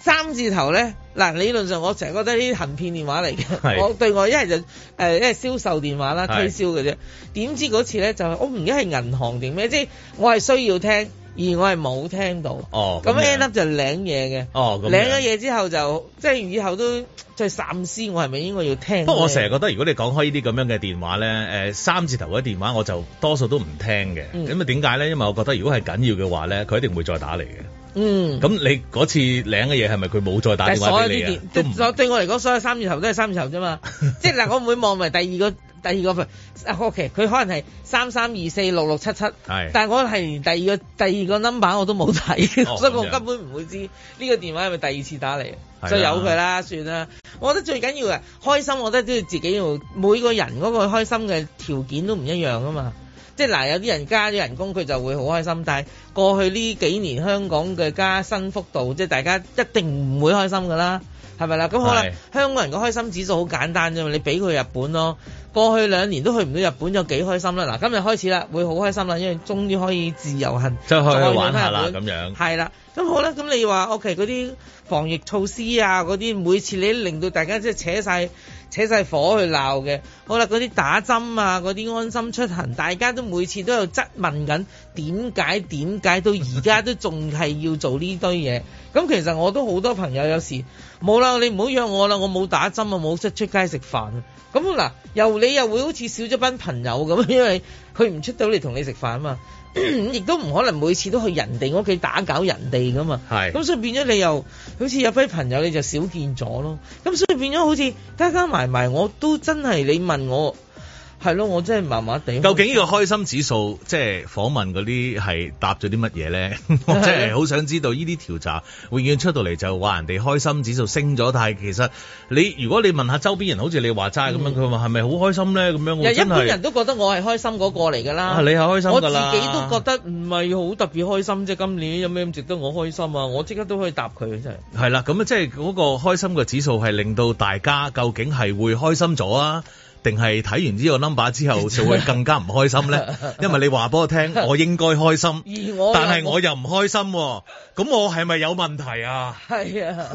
三字頭咧。嗱理論上我成日覺得呢啲行騙電話嚟嘅，是我對我一係就誒一係銷售電話啦，推銷嘅啫。點是知嗰次咧就我唔記得係銀行定咩，即係我係需要聽。而我係冇聽到，哦，咁 End up 就領嘢嘅，哦，領咗嘢之後就即係以後都即係三思，我係咪應該要聽？不過我成日覺得，如果你講開呢啲咁樣嘅電話咧，誒、呃、三字頭嘅電話我就多數都唔聽嘅。咁啊點解咧？因為我覺得如果係緊要嘅話咧，佢一定會再打嚟嘅。嗯。咁你嗰次領嘅嘢係咪佢冇再打電話俾你所？所有啲電，對我嚟講，所有三字頭都係三字頭啫嘛。即係嗱，我唔會望埋第二個。第二個佢，okay, 可能係三三二四六六七七，但係我係第二個第二個 number 我都冇睇。哦、 所以我根本唔會知呢個電話係咪第二次打嚟。的所以由佢啦算啦。我覺得最緊要係開心，我覺得都要自己要每個人嗰個開心嘅條件都唔一樣啊嘛。即係嗱，有啲人加咗人工佢就會好開心，但係過去呢幾年香港嘅加薪幅度，即係大家一定唔會開心㗎啦。係咪啦？咁好啦，是香港人嘅開心指數好簡單啫嘛，你俾佢日本咯。過去兩年都去唔到日本，有幾開心啦？嗱，今日開始啦，會好開心啦，因為終於可以自由行，就玩下啦咁樣。係啦，咁好啦，咁你話 O K 嗰啲防疫措施啊，嗰啲每次你令到大家即係扯晒扯曬火去鬧嘅。好啦，嗰啲打針啊，嗰啲安心出行，大家都每次都有質問緊，點解點解到而家都仲係要做呢堆嘢？咁 其實我都好多朋友有時。冇啦，你唔好約我啦，我冇打針啊，冇出出街食飯。咁嗱，又你又會好似少咗班朋友咁，因為佢唔出到嚟同你食飯啊嘛。亦都唔可能每次都去人哋屋企打攪人哋噶嘛。係是。咁所以變咗你又好似有批朋友你就少見咗咯。咁所以變咗好似加加埋埋我都真係你問我。係咯，我真係麻麻地。究竟呢個開心指數，即係訪問嗰啲係答咗啲乜嘢咧？ 我真係好想知道，呢啲 調查永遠出到嚟就話人哋開心指數升咗，但係其實你如果你問下周邊人，好似你話齋咁樣，佢話係咪好開心咧？咁樣我真係一般人都覺得我係開心嗰個嚟㗎啦。你係開心㗎啦。我自己都覺得唔係好特別開心啫。今年有咩咁值得我開心啊？我即刻都可以答佢，真係。係啦，咁啊，即係嗰個開心嘅指數係令到大家究竟係會開心咗啊？定係睇完呢個 number 之後就會更加唔開心咧，因為你話俾我聽，我應該開心，但係我又唔開心，咁我係咪有問題啊？係啊，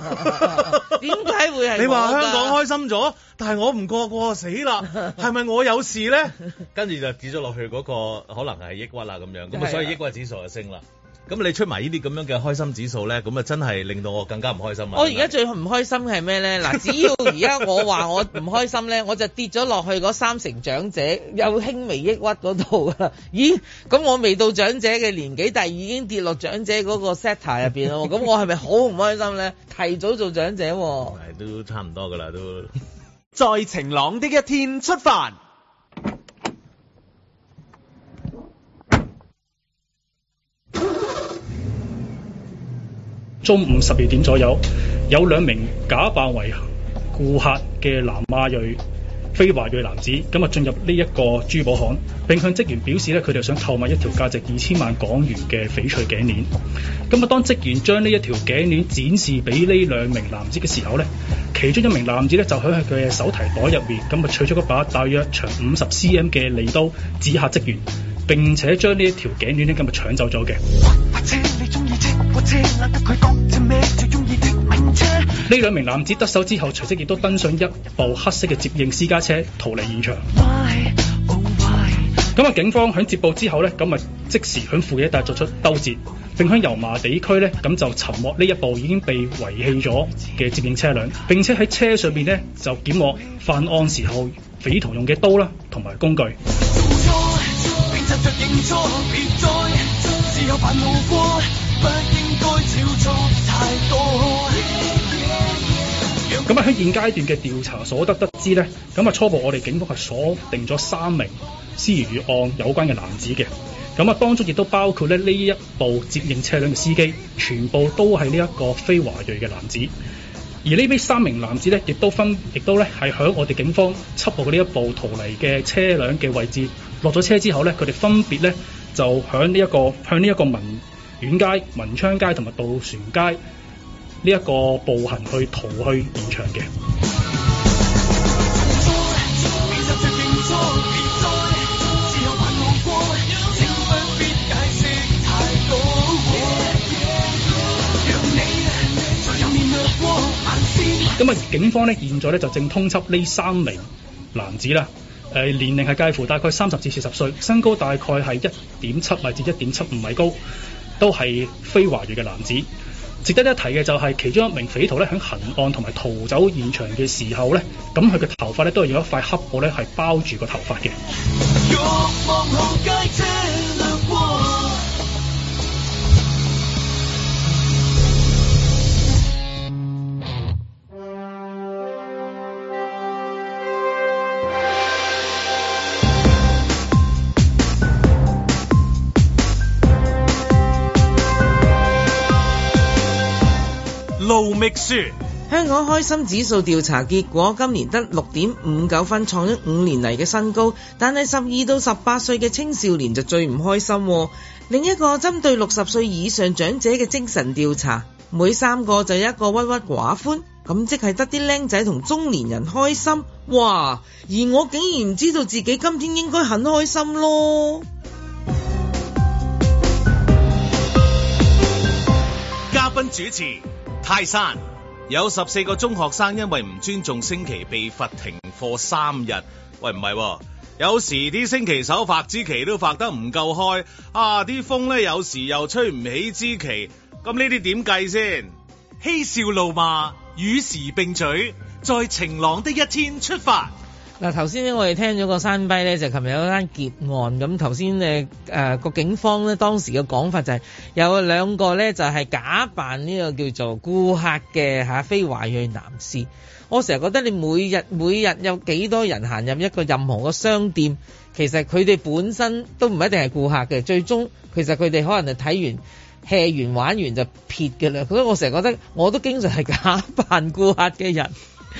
點解會係你話香港開心咗，但係我唔過過死啦，係咪我有事咧？ 跟住就指咗落去嗰、那個，可能係抑鬱啊咁樣，咁啊所以抑鬱指數就升啦。咁你出埋呢啲咁樣嘅開心指數咧，咁啊真係令到我更加唔開心啊！我而家最唔開心嘅係咩咧？嗱，只要而家我話我唔開心咧， 我就跌咗落去嗰三成長者有輕微抑鬱嗰度啊！咦，咁我未到長者嘅年紀，但係已經跌落長者嗰個 set 入邊咯，咁我係咪好唔開心咧？提早做長者，啊，係 都差唔多噶啦，都 在晴朗的一天出發。中午十二點左右，有兩名假扮為顧客嘅南亞裔、非華裔男子，咁啊進入呢一個珠寶行，並向職員表示咧佢哋想購買一條價值二千萬港元嘅翡翠頸鏈。咁啊，當職員將呢一條頸鏈展示俾呢兩名男子嘅時候咧，其中一名男子咧就喺佢嘅手提袋入面，咁啊取出一把大約長五十 CM 嘅利刀，指下職員，並且將呢一條頸鏈咧咁啊搶走咗嘅。呢兩名男子得手之後，隨即亦都登上一部黑色嘅接應私家車，逃離現場。咁啊，警方響接報之後呢咁啊即時響富野一帶作出兜截，並響油麻地區呢咁就尋獲呢一部已經被遺棄咗嘅接應車輛，並且喺車上邊呢就檢獲犯案時候匪徒用嘅刀啦，同埋工具。咁啊，喺現階段嘅調查所得得知咧，咁啊初步我哋警方係鎖定咗三名涉嫌與案有關嘅男子嘅，咁啊當中亦都包括咧呢一部接應車輛嘅司機，全部都係呢一個非華裔嘅男子，而呢呢三名男子咧亦都分亦都咧係響我哋警方緝捕呢一部逃離嘅車輛嘅位置，落咗車之後咧，佢哋分別咧就響呢一個向呢一個民遠街、文昌街同埋渡船街呢一個步行去逃去現場嘅。咁啊，警方呢，現在呢就正通緝呢三名男子啦。誒年齡係介乎大概三十至四十歲，身高大概係一點七米至一點七五米高。都係非華裔嘅男子，值得一提嘅就係、是、其中一名匪徒咧，響行案同埋逃走現場嘅時候咧，咁佢嘅頭髮咧都係用一塊黑布咧係包住個頭髮嘅。香港開心指數調查結果，今年得六點五九分，創咗五年嚟嘅新高。但係十二到十八歲嘅青少年就最唔開心。另一個針對六十歲以上長者嘅精神調查，每三個就有一個鬱鬱寡歡，咁即係得啲僆仔同中年人開心。哇！而我竟然唔知道自己今天應該很開心咯。嘉賓主持。泰山有十四個中學生因為唔尊重升旗，被罰停課三日。喂，唔係，哦，有時啲升旗手發支旗都發得唔夠開，啊，啲風咧有時又吹唔起支旗。咁呢啲點計先？嬉笑怒罵與時並舉，在晴朗的一天出發。嗱，頭先咧我哋聽咗個山逼咧，就琴日有一單劫案。咁頭先咧，誒、呃、個警方咧當時嘅講法就係、是、有兩個咧，就係、是、假扮呢個叫做顧客嘅嚇、啊、非華裔男士。我成日覺得你每日每日有幾多人行入一個任何嘅商店，其實佢哋本身都唔一定係顧客嘅。最終其實佢哋可能係睇完、吃完、玩完就撇嘅啦。所以我成日覺得，我都經常係假扮顧客嘅人。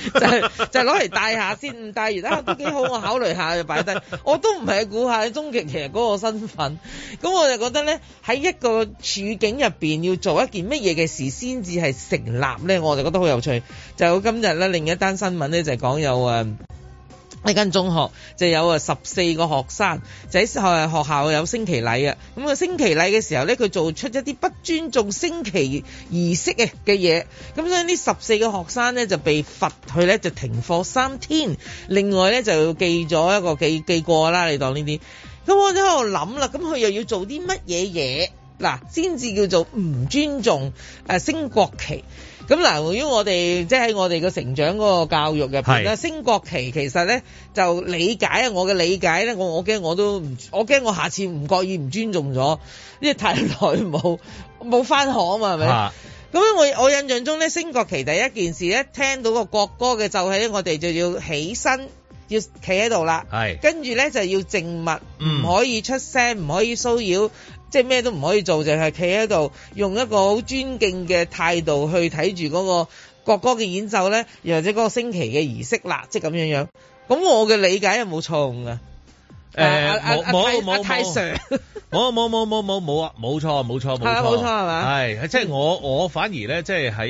就係、係、就係攞嚟戴下先帶完完，戴、啊、完都幾好，我考慮下就擺低。我都唔係估下，終極其實嗰個身份，咁 我就覺得呢，喺一個處境入邊要做一件乜嘢嘅事先至係成立呢，我就覺得好有趣。就今日呢，另一單新聞呢，就係、講有誒。嗯呢間中學就有啊十四個學生，就喺學學校有升旗禮啊，咁啊升旗禮嘅時候呢，佢做出一啲不尊重升旗儀式嘅嘢，咁所以呢十四個學生呢就被罰佢呢就停課三天，另外呢，就要記咗一個記記過啦，你當呢啲，咁我喺度諗啦，咁佢又要做啲乜嘢嘢嗱，先至叫做唔尊重誒升國旗？咁嗱，於我哋即係喺我哋個成長嗰個教育入邊啦，是升國旗其實咧就理解啊，我嘅理解咧，我我驚我都唔，我驚我下次唔覺意、唔尊重咗，因為太耐冇冇翻學啊嘛，係咪？咁是我我印象中咧，升國旗第一件事咧，聽到個國歌嘅就係咧，我哋就要起身，要企喺度啦，是跟住咧就要靜默，唔、嗯、可以出聲，唔可以騷擾。即係咩都唔可以做，淨係企喺度，用一個好尊敬嘅態度去睇住嗰個國歌嘅演奏咧，又或者嗰個升旗嘅儀式啦，即係咁樣樣。咁我嘅理解又冇錯噶？誒，冇冇冇，冇冇冇冇啊，冇錯冇錯冇錯冇錯係嘛？係，即係我我反而咧，即係喺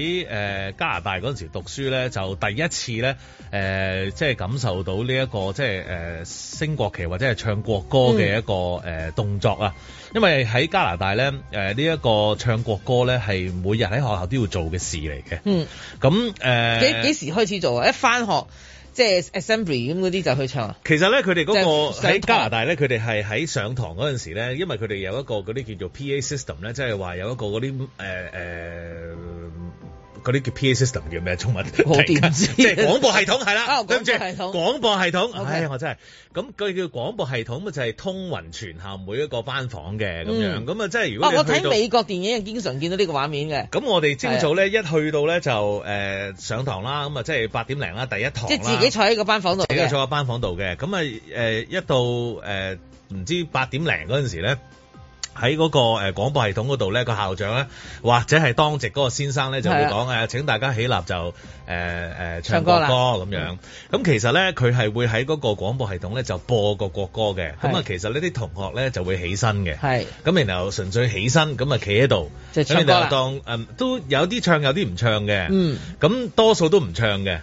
誒加拿大嗰陣時讀書咧，就第一次咧，誒，即係感受到呢一個即係誒升國旗或者係唱國歌嘅一個誒動作啊。因為喺加拿大咧，誒呢一個唱國歌咧，係每日喺學校都要做嘅事嚟嘅。嗯，咁誒、呃、幾幾時開始做啊？一返學即係、就是、Assembly 咁嗰啲就去唱啊？其實咧，佢哋嗰個喺加拿大咧，佢哋係喺上堂嗰陣時咧，因為佢哋有一個嗰啲叫做 PA System 咧，即係話有一個嗰啲誒誒。呃呃嗰啲叫 P.A. system 叫咩中文？我唔知 即係廣播系統係啦。對唔住，廣播系統。唉，我真係。咁佢叫廣播系統，咪就係通云全校每一個班房嘅咁、嗯、樣。咁啊，即係如果我睇美國電影，經常見到個畫呢個畫面嘅。咁我哋朝早咧一去到咧就誒、呃、上堂啦，咁啊即係八點零啦，第一堂即係自己坐喺個班房度。自己坐喺班房度嘅。咁啊誒一到誒唔、呃、知八點零嗰陣時咧。喺嗰、那個誒、呃、廣播系統嗰度咧，個校長咧或者係當值嗰個先生咧就會講誒，的請大家起立就誒誒、呃呃、唱國歌咁、嗯、樣。咁其實咧，佢係會喺嗰個廣播系統咧就播個國歌嘅。咁啊的，其實呢啲同學咧就會起身嘅。係的。咁然後純粹起身咁啊，企喺度，跟住就，就當誒都有啲唱有啲唔唱嘅。嗯。咁、嗯嗯、多數都唔唱嘅。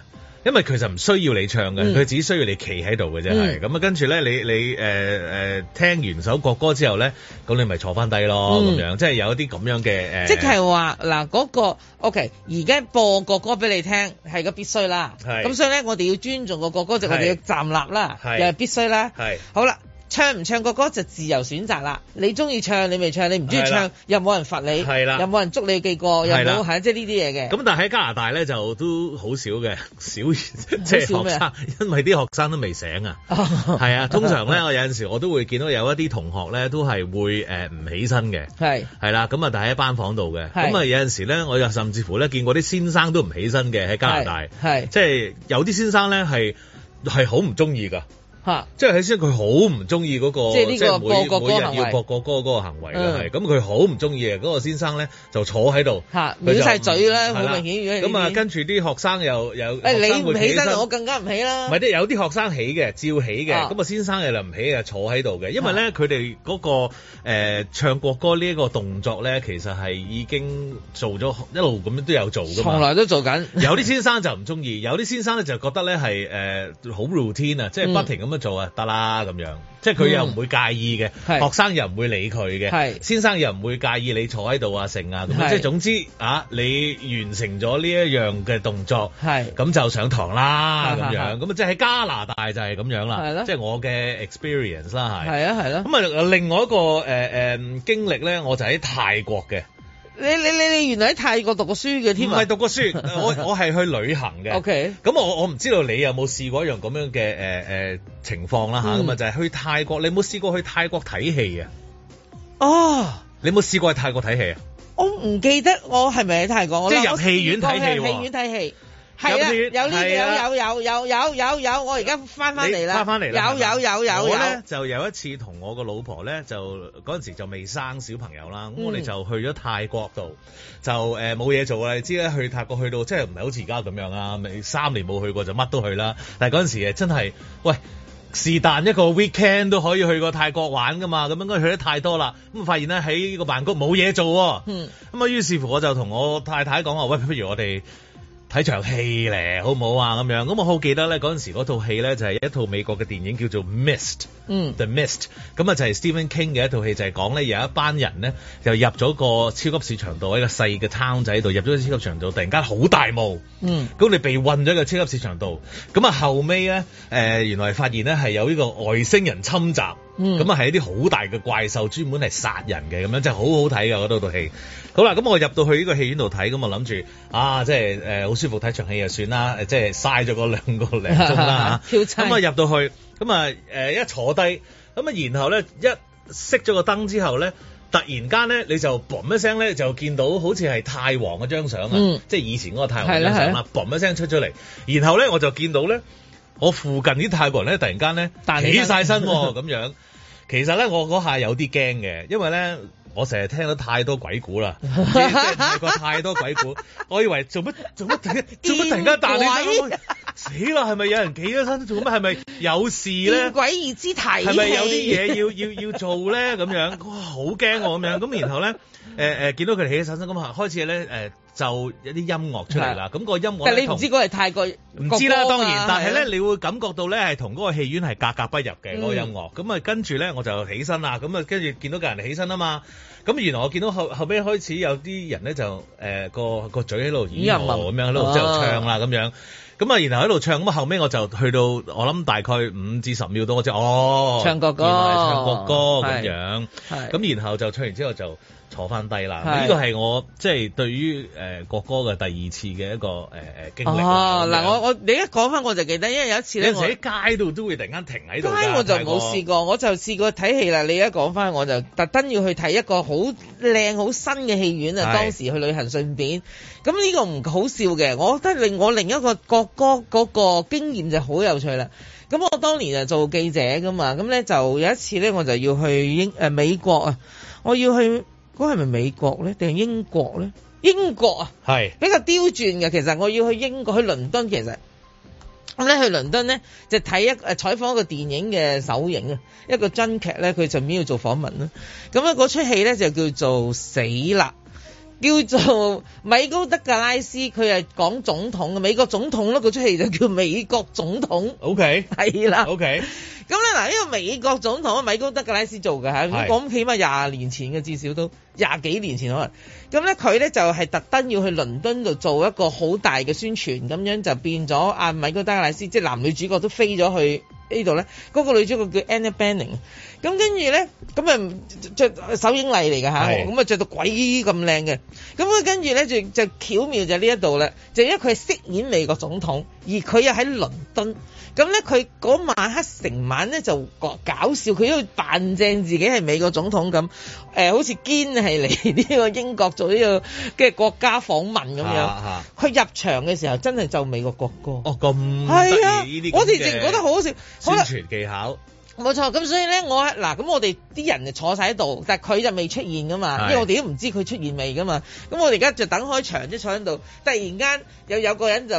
因為其實唔需要你唱嘅，佢、嗯、只需要你企喺度嘅啫。係咁啊，跟住咧，你你誒誒、呃、聽完首國歌之後咧，咁你咪坐翻低咯。咁、嗯、樣即係有一啲咁樣嘅誒。呃、即係話嗱，嗰、嗰個 O.K. 而家播國歌俾你聽係個必須啦。係咁是，所以咧我哋要尊重個國歌，就係、我哋要站立啦，是又係必須啦。係是是好啦。唱唔唱個歌就自由選擇啦。你中意唱你未唱，你唔中意唱又冇人罰你，係啦，又冇人捉你記過，又冇係即係呢啲嘢嘅。咁但係喺加拿大咧就都好少嘅，少即係學生，因為啲學生都未醒啊。係啊，通常咧我有陣時我都會見到有一啲同學咧都係會誒唔起身嘅。係係啦，咁啊但係喺班房度嘅，咁啊有陣時咧我又甚至乎咧見過啲先生都唔起身嘅喺加拿大。係即係有啲先生咧係係好唔中意㗎。即係喺先，佢好唔中意嗰個，即係每每日要播國歌嗰個行為啦，係咁佢好唔中意啊！嗰個先生咧就坐喺度，抿曬嘴咧，好明顯。咁啊，跟住啲學生又又誒，你唔起身，我更加唔起啦。唔係，即係有啲學生起嘅，照起嘅，咁啊先生又唔起啊，坐喺度嘅。因為咧，佢哋嗰個誒唱國歌呢一個動作咧，其實係已經做咗一路咁樣都有做嘅，從來都做緊。有啲先生就唔中意，有啲先生咧就覺得咧係誒好 routine 啊，即係不停咁樣。做啊得啦咁樣，即係佢又唔會介意嘅，嗯、學生又唔會理佢嘅。是先生又唔會介意你坐喺度啊成啊咁，即係是總之啊，你完成咗呢一樣嘅動作，係咁是就上堂啦咁樣，咁啊即係喺加拿大就係咁樣啦，即係的我嘅 experience 啦係。係啊係咯。咁啊另外一個誒誒、呃呃、經歷咧，我就喺泰國嘅。你你你你原來喺泰國讀過書嘅添？唔係讀過書， 我我係去旅行嘅。OK。咁我我唔知道你有冇試過一樣咁樣嘅誒誒情況啦嚇，咁啊就係去泰國，你有冇試過去泰國睇戲啊？哦！Oh, 你有冇試過去泰國睇戲啊？我唔記得我係咪喺泰國。即係入戲院睇戲。戲院睇戲。係啦、啊，有呢、這、啲、個啊，有有有有有有有，我而家翻翻嚟啦，翻翻嚟啦，有有有有。我咧就有一次同我個老婆咧，就嗰陣時就未生小朋友啦，咁我哋就去咗泰國度，嗯、就誒冇嘢做啊！你知啦，去泰國去到即係唔係好似而家咁樣啦、啊，咪三年冇去過就乜都去啦。但係嗰陣時誒真係，喂，是但一個 weekend 都可以去過泰國玩㗎嘛？咁應該去得太多啦，咁發現咧喺個辦公室冇嘢做，咁啊於是乎我就同我太太講話，喂，不如我哋。睇場戲咧，好唔好啊？咁樣，咁我好記得咧，嗰陣時嗰套戲咧就係一套美國嘅電影，叫做《Mist》。嗯，《The Mist》，咁啊就係 Stephen King 嘅一套戲，就係講咧有一班人咧就入咗個超級市場度，喺個細嘅 town 仔度入咗個超級市場度，突然間好大霧。嗯，咁你被困咗喺超級市場度。咁啊後尾咧誒原來發現咧係有呢個外星人侵襲。咁啊，係一啲好大嘅怪獸，專門係殺人嘅，咁樣真係好好睇噶嗰套戲。好啦，咁我入到去呢個戲院度睇，咁我諗住啊，即係誒，好舒服睇場戲就算啦，即係嘥咗嗰兩個零鐘啦。咁啊入到去，咁啊誒一坐低，咁啊然後咧一熄咗個燈之後咧，突然間咧你就嘣一聲咧就見到好似係太皇嗰張相啊，即係以前嗰個太皇張相啦，嘣一聲出出嚟，然後咧我就見到咧。我附近啲泰國人咧，突然間咧彈起晒身咁、啊、樣，其實咧我嗰下有啲驚嘅，因為咧我成日聽到太多鬼故啦，即係泰國太多鬼故， 我以為做乜做乜停，做乜突然間彈起身啊？但你死啦，係咪有人企咗身？做乜？係咪有事咧？見鬼之提，係咪有啲嘢要要要，要做咧？咁樣哇，好驚我咁樣。咁然後咧，誒、呃、誒、呃，見到佢哋起起身咁啊，開始咧，誒。就一啲音樂出嚟啦，咁個音樂，但你唔知嗰係泰國唔知啦，當然，但係咧，你會感覺到咧係同嗰個戲院係格格不入嘅嗰個音樂。咁啊，跟住咧我就起身啦，咁啊，跟住見到個人起身啊嘛。咁原來我見到後後尾開始有啲人咧就誒，個個嘴喺度搖咁樣，喺度唱啦咁樣。咁啊，然後喺度唱，咁啊後尾我就去到我諗大概五至十秒到，我知哦，唱國歌，原來係唱國歌咁樣。咁然後就唱完之後就。坐翻低啦，呢、啊、個係我即係、就是、對於誒、呃、國歌嘅第二次嘅一個誒誒、呃、經歷。嗱、啊樣啊，我我你一講翻我就記得，因為有一次咧，你我喺街度都會突然間停喺度。街我就冇試過，我就試過睇戲啦。你一講翻我就特登要去睇一個好靚好新嘅戲院啊！當時去旅行順便，咁、嗯、呢、這個唔好笑嘅，我覺得令我另一個國歌嗰個經驗就好有趣啦。咁、嗯、我當年就做記者㗎嘛，咁咧就有一次咧我就要去英誒、呃、美國啊，我要去。嗰係咪美國咧？定係英國咧？英國啊，係比較刁鑽嘅。其實我要去英國，去倫敦。其實我咧，去倫敦咧就睇一誒採訪一個電影嘅首映啊，一個真劇咧，佢順便要做訪問啦。咁樣，嗰出戲咧就叫做死啦。叫做米高德格拉斯，佢係講總統嘅美國總統咯，佢出戲就叫美國總統。O K. 係啦。O K. 咁咧嗱，呢個美國總統米高德格拉斯做嘅吓，咁 的起碼廿年前嘅，至少都廿幾年前可能。咁咧佢咧就係、是、特登要去倫敦度做一個好大嘅宣傳，咁樣就變咗阿米高德格拉斯，即、就、係、是、男女主角都飛咗去呢度咧。嗰、那個女主角叫 Anna Bening。咁跟住咧，咁啊的、嗯、着首映禮嚟㗎吓，咁啊着到鬼咁靚嘅，咁啊跟住咧就就巧妙就喺呢一度啦，就是、因為佢係飾演美國總統，而佢又喺倫敦，咁咧佢嗰晚黑成晚咧就搞搞笑，佢都扮正自己係美國總統咁，誒、呃、好似堅係嚟呢個英國做呢個嘅國家訪問咁樣，佢、啊啊、入場嘅時候真係奏美國國歌。哦，咁得啊，我哋淨覺得好好笑。呢啲宣傳技巧。好冇錯，咁所以咧，我嗱，咁我哋啲人就坐晒喺度，但係佢就未出現噶嘛，的因為我哋都唔知佢出現未噶嘛。咁我哋而家就等開場，即坐喺度，突然間有有個人就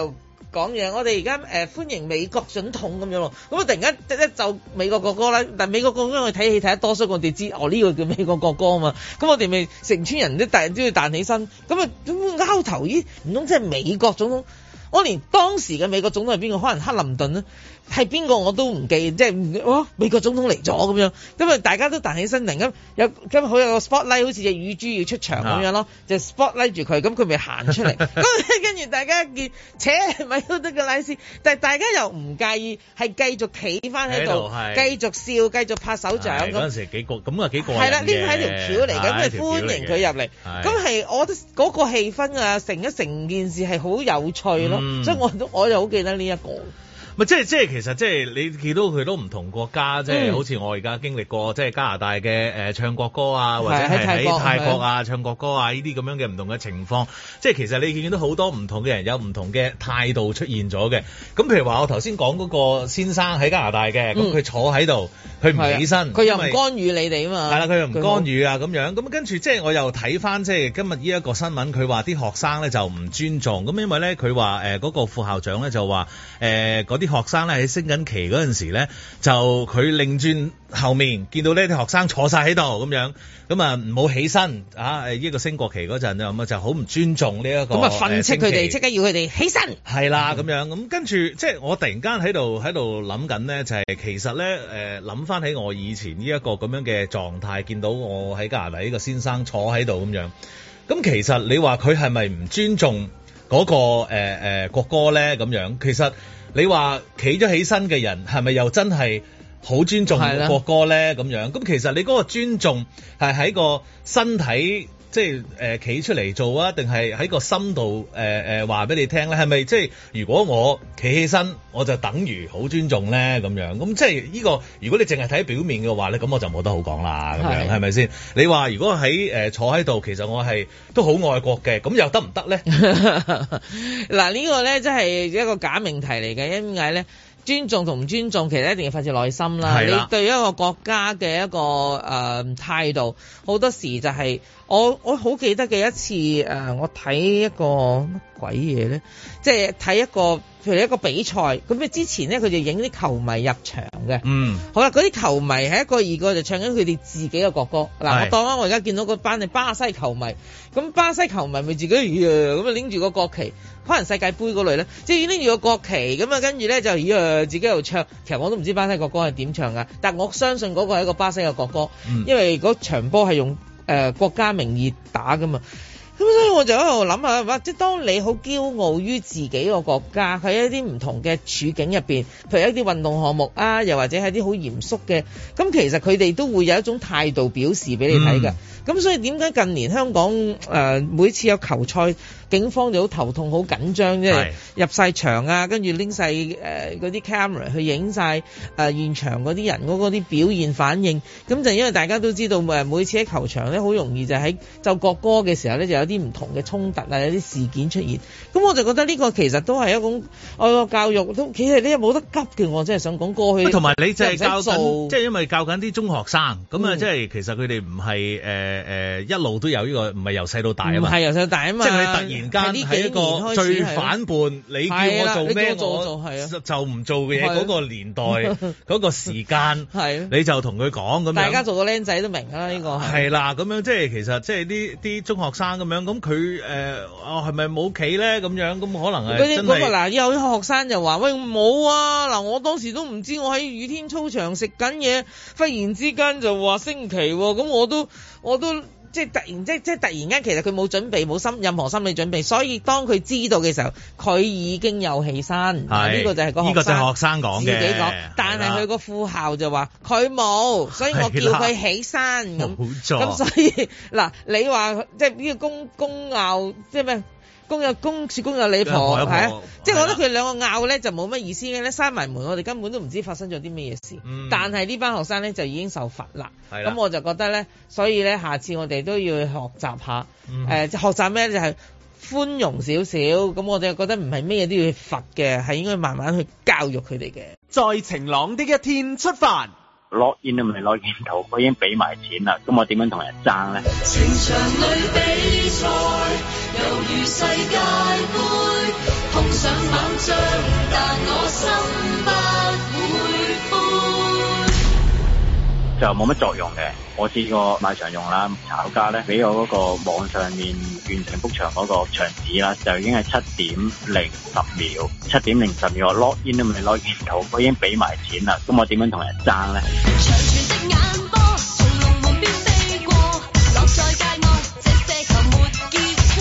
講嘢，我哋而家誒歡迎美國總統咁樣咯。咁啊突然間就，就，就美國國歌啦，但係美國國歌我睇戲睇得多，所以我哋知哦呢、呢個叫美國國歌啊嘛。咁我哋咪成村人都突然都要彈起身，咁啊拗頭咦？唔通即係美國總統？我連當時嘅美國總統係邊個？可能克林頓咧？係邊個我都唔記得，即係美國總統嚟咗咁樣，咁咪大家都彈起身，嚟。咁有今日好有個 spotlight，好似隻乳豬要出場咁樣咯，就 spotlight 住佢，咁佢咪行出嚟。咁跟住大家見，扯咪都得個拉線但大家又唔介意，係繼續企翻喺度，繼續笑，繼續拍手掌。嗰陣時幾過，咁啊幾過癮嘅。係啦，呢係條橋嚟，咁係歡迎佢入嚟。咁係我覺得嗰個氣氛啊，成一成件事係好有趣咯。所以我都我就好記得呢一個。唔即係即係其實即係你見到佢都唔同國家，即係好似我而家經歷過即係、就是、加拿大嘅誒唱國歌啊，或者係喺泰國啊唱國歌啊呢啲咁樣嘅唔同嘅情況，即係的其實你見到好多唔同嘅人有唔同嘅態度出現咗嘅。咁、嗯、譬如話我頭先講嗰個先生喺加拿大嘅，咁佢、嗯、坐喺度，佢唔起身，佢又唔干預你哋啊嘛。係啦為，佢又唔干預啊咁樣，咁、嗯、跟住即係我又睇翻即係今日呢一個新聞，佢話啲學生咧就唔尊重。咁因為咧佢話誒嗰個副校長咧就話誒嗰啲。呃呃呃呃呃呃呃呃學生咧喺升緊旗嗰陣時咧，就佢擰轉後面，見到呢啲學生坐晒喺度咁樣，咁啊唔好起身啊！呢、這個升國旗嗰陣啊，咁啊就好唔尊重呢、這、一個咁啊，訓斥佢哋，即刻要佢哋起身係啦。咁樣咁跟住即係我突然間喺度喺度諗緊咧，就係、是、其實咧誒諗返起我以前呢一個咁樣嘅狀態，見到我喺加拿大呢個先生坐喺度咁樣，咁其實你話佢係咪唔尊重嗰、那個誒誒、呃呃、國歌咧？咁樣其實。你話企咗起身嘅人係咪又真係好尊重國歌咧？咁樣咁，其實你嗰個尊重係喺個身體。即係誒企出嚟做啊，定係喺個心度誒誒話俾你聽咧？係咪即係如果我企起身，我就等於好尊重咧咁樣？咁即係呢個，如果你淨係睇表面嘅話咧，咁我就冇得好講啦咁樣，係咪先？你話如果喺誒、呃、坐喺度，其實我係都好愛國嘅，咁又得唔得咧？嗱、 啊，呢個咧即係一個假命題嚟嘅，因點解咧？尊重同唔尊重，其實一定要發自內心啦。的你對一個國家嘅一個誒、呃、態度，好多時就係、是、我我好記得嘅一次誒、呃，我睇一個乜鬼嘢咧，即係睇一個譬如一個比賽，咁啊之前咧佢就影啲球迷入場嘅。嗯，好啦，嗰啲球迷係一個二個就唱緊佢哋自己嘅國歌。嗱是，我當我而家見到嗰班係巴西球迷，咁巴西球迷咪自己咁拎住個國旗。可能世界盃嗰類咧，即係拎住個國旗咁啊，跟住咧就咦自己喺度唱，其實我都唔知巴西國歌係點唱噶，但我相信嗰個係一個巴西嘅國歌，因為嗰場波係用誒、呃、國家名義打噶嘛。咁所以我就喺度諗下，哇！即係當你好驕傲於自己個國家，喺一啲唔同嘅處境入邊，譬如一啲運動項目啊，又或者係啲好嚴肅嘅，咁其實佢哋都會有一種態度表示俾你睇嘅。咁、嗯、所以點解近年香港誒、呃、每次有球賽警方就好頭痛、好緊張，即係是入晒場啊，跟住拎晒誒啲 camera 去影晒誒現場啲人嗰啲表現反應，咁、嗯、就因為大家都知道誒，每次喺球場咧好容易就喺奏國歌嘅時候咧就有啲唔同嘅衝突啊，有啲事件出現，咁、嗯、我就覺得呢個其實都係一種愛國教育，都其實你冇得急嘅。我真係想講過去。同埋你就係教緊，即係因為教緊啲中學生，咁啊，即係其實佢哋唔係誒誒一路都有呢、這個唔係由細到大啊嘛，係由細到大啊嘛，即係佢突然。突然間係一個最反叛，你叫我做咩我，做做我就唔做嘅嘢嗰個年代嗰 個時間，係啊，你就同佢講咁樣。大家做個僆仔都明啦，呢的個係啦咁樣，即係其實即係啲啲中學生咁樣，咁佢誒，我係咪冇企咧咁樣？咁可能係嗰啲嗰個嗱，有啲學生就話喂冇啊！嗱，我當時都唔知我喺雨天操場食緊嘢，忽然之間就話升旗喎，咁我都我都。我都我都我都即係突然，即即係突然間，其實佢冇準備，冇心任何心理準備，所以當佢知道嘅時候，佢已經有起身。呢、啊、是個就係個學生講嘅，自己講。但係佢個副校就話佢冇，所以我叫佢起身咁。咁所以嗱、啊，你話即係呢個公公牛即係咩？公有公，說公有你婆，係婆啊，即係我覺得佢哋兩個拗咧就冇乜意思嘅咧，閂埋門我哋根本都唔知發生咗啲咩嘢事。嗯、但係呢班學生咧就已經受罰啦，咁、嗯、我就覺得咧，所以咧下次我哋都要學習下，誒、嗯呃，學習咩就係、是、寬容少少。咁我哋又覺得唔係咩嘢都要去罰嘅，係應該慢慢去教育佢哋嘅。在晴朗的一天出發。lock in 都未 lock in 到，我已經俾埋錢啦，咁我點樣同人爭呢？ 就冇乜作用嘅。我試過賣場用啦，炒家咧俾我嗰個網上面完成復場嗰個場紙啦，就已經係七點零十秒，七點零十秒我 lock in 都未 lock in 到，佢已經俾埋錢啦。咁我點樣同人爭咧？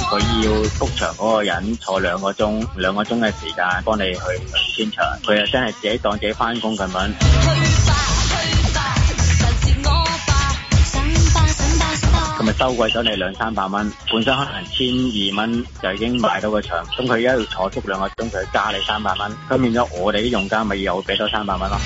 佢要復場嗰個人坐兩個鐘，兩個鐘嘅時，時間幫你去宣場，佢又真係自己當自己返工咁樣。收貴咗你兩三百蚊，本身可能千二蚊就已經買到個場，咁佢而家要坐足兩個鐘，佢加你三百蚊，咁變咗我哋啲用家咪又俾多三百蚊咯。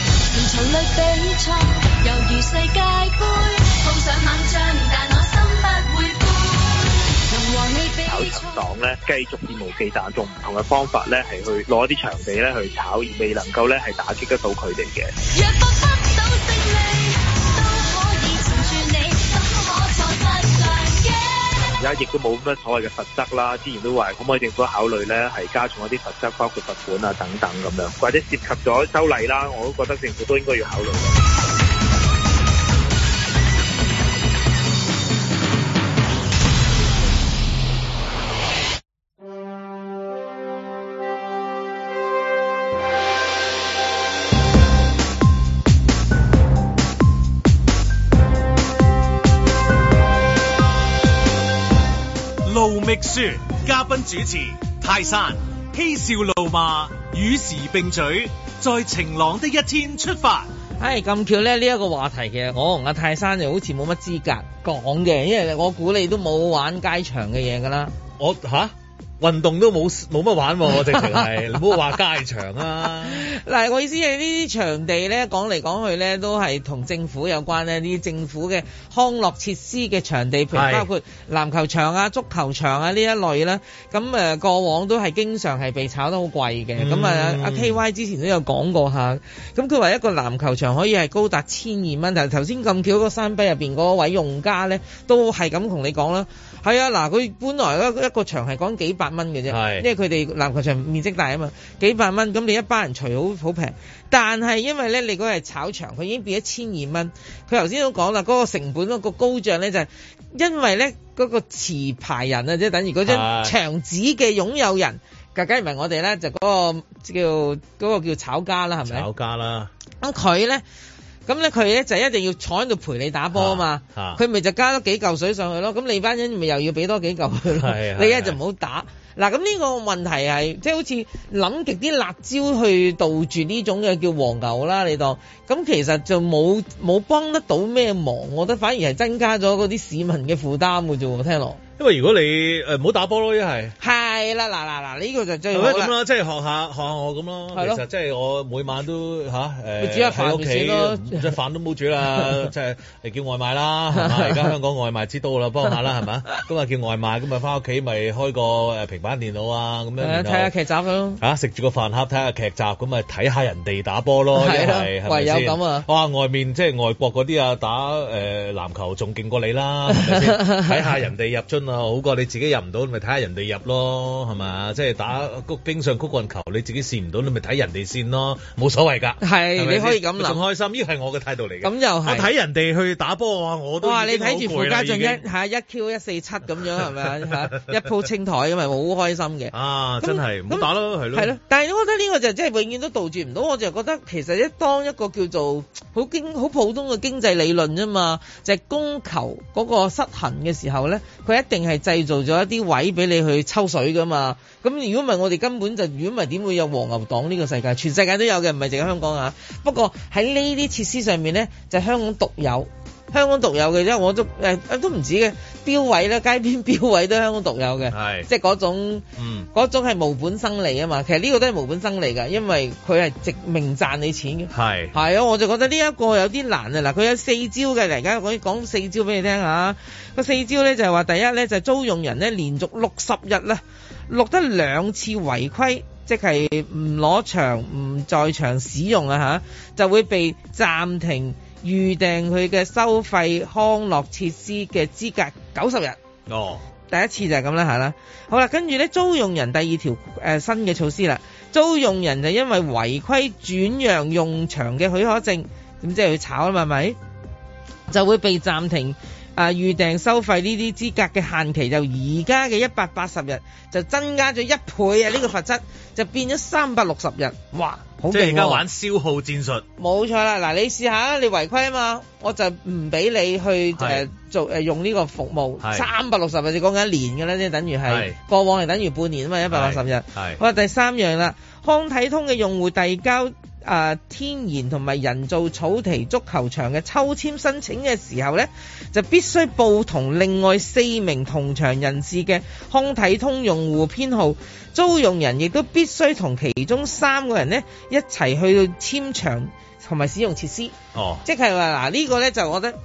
炒場黨咧，寶寶繼續肆無忌憚，用唔同嘅方法咧，係去攞啲場地咧去炒，而未能夠咧係打擊得到佢哋嘅。而家亦都冇乜所謂嘅罰則啦，之前都話可唔可以政府考慮咧，係加重一啲罰則，包括罰款啊等等咁樣，或者涉及咗修例啦，我都覺得政府都應該要考慮。說嘉賓主持泰山嬉笑怒罵與時並舉，在晴朗的一天出發。唉、哎，咁巧咧，呢、這、一個話題其實我同阿泰山就好似冇乜資格講嘅，因為我估你都冇玩街場嘅嘢噶啦。我吓？運動都冇冇乜玩喎、啊，直情係唔好話街場啊！嗱， 我意思係呢啲場地咧，講嚟講去咧，都係同政府有關咧。呢啲政府嘅康樂設施嘅場地，譬如包括籃球場啊、足球場啊呢一類啦。咁、啊、誒過往都係經常係被炒得好貴嘅。咁、嗯、啊，阿 K Y 之前都有講過下，咁佢話一個籃球場可以係高達千二蚊。但係頭先咁巧，個山壁入邊嗰位用家咧，都係咁同你講啦。係啊，嗱佢本來一一個場係講幾百蚊嘅啫，是因為佢哋籃球場面積大啊嘛，幾百蚊咁你一班人除好好平，但係因為咧你嗰日炒場，佢已經變咗千二蚊。佢頭先都講啦，嗰個成本嗰個高漲咧就係因為咧嗰個持牌人啊，即係等於嗰張場紙嘅擁有人，格梗係唔係我哋咧就嗰個叫嗰個叫炒家啦，係咪？炒家啦，咁佢咧。咁咧佢咧就一定要坐喺度陪你打波啊嘛，佢咪、啊啊、就加多幾嚿水上去咯，咁你班人咪又要俾多，多幾嚿佢咯，你咧就唔好打。嗱咁呢個問題係即係好似諗極啲辣椒去道住呢種嘅叫黃牛啦，你當咁其實就冇冇幫得到咩忙，我覺得反而係增加咗嗰啲市民嘅負擔嘅啫喎，聽落。因為如果你誒唔好打波咯，一係。係啦，嗱嗱嗱，呢個就即係咁咯，即係學下學下我咁咯。其實即係我每晚都吓，嚇誒喺屋企，即係飯都冇煮啦，即係誒叫外賣啦，係嘛？而家香港外賣知多之都啦，幫下啦，係嘛？咁啊叫外賣，咁啊返屋企咪開個誒平板電腦啊，咁樣睇下劇集咯。嚇，食住個飯盒睇下劇集，咁咪睇下人哋打波咯，係咯，唯有咁啊！哇，外面即係外國嗰啲啊，打誒籃球仲勁過你啦，睇下人哋入樽啊，好過你自己入唔到，咪睇下人哋入咯。係嘛，即係打曲冰上曲棍球，你自己試唔到，你咪睇人哋先咯，冇所謂㗎。係是，是是你可以咁諗，仲開心。呢個係我嘅態度嚟嘅。咁又係。我睇人哋去打波啊，我都哇！你睇住傅家俊一係經 一 Q 一四七咁樣，係咪啊？一鋪清台咁係好開心嘅。啊，真係好那打咯，係咯。係咯。但係我覺得呢個就真、是、係、就是、永遠都杜絕唔到。我就覺得其實一當一個叫做好經好普通嘅經濟理論啫嘛，就係、是、供求嗰個失衡嘅時候咧，佢一定係製造咗一啲位俾你去抽水。噶嘛，咁如果唔係我哋根本就，如果唔係點會有黃牛黨呢個世界？全世界都有嘅，唔係淨係香港啊。不過喺呢啲設施上面呢，就香港獨有。香港獨有嘅，因為我、哎、都誒都唔止嘅標位啦，街邊標位都香港獨有嘅，是即係嗰種嗰、嗯、種係無本生利啊嘛。其實呢個都係無本生利㗎，因為佢係直命賺你錢嘅。係係啊，我就覺得呢一個有啲難啊。嗱，佢有四招嘅，而家講講四招俾你聽嚇。個、啊、四招咧就係話，第一咧就係、租用人咧連續六十日啦，錄、啊、得兩次違規，即係唔攞場唔在場使用啊嚇，就會被暫停。預訂佢嘅收費康樂設施嘅資格九十日。哦，oh. 第一次就係咁啦，吓啦，好啦，跟住呢，租用人第二條誒、呃、新嘅措施啦，租用人就因為違規轉讓用場嘅許可證，咁即係去炒吖嘛？係咪就會被暫停？啊，預訂收費呢啲資格嘅限期就而家嘅一百八十日就增加咗一倍啊。呢 個罰則就變咗三百六十日，哇！即係而家玩消耗戰術，冇、啊、錯啦。嗱，你試下啦，你違規啊嘛，我就唔俾你去誒是、呃、做誒、呃、用呢個服務。三百六十日就講緊一年㗎啦，即、就、係、是、等於係是過往係等於半年啊嘛，一百八十日。係。好啦、啊，第三樣啦，康體通嘅用戶遞交。啊、呃！天然同埋人造草皮足球場嘅抽籤申請嘅時候呢，就必須報同另外四名同場人士嘅康體通用戶編號，租用人亦都必須同其中三個人呢一齊去到簽場同埋使用設施。哦，即係話嗱，呢、這個呢，就我覺得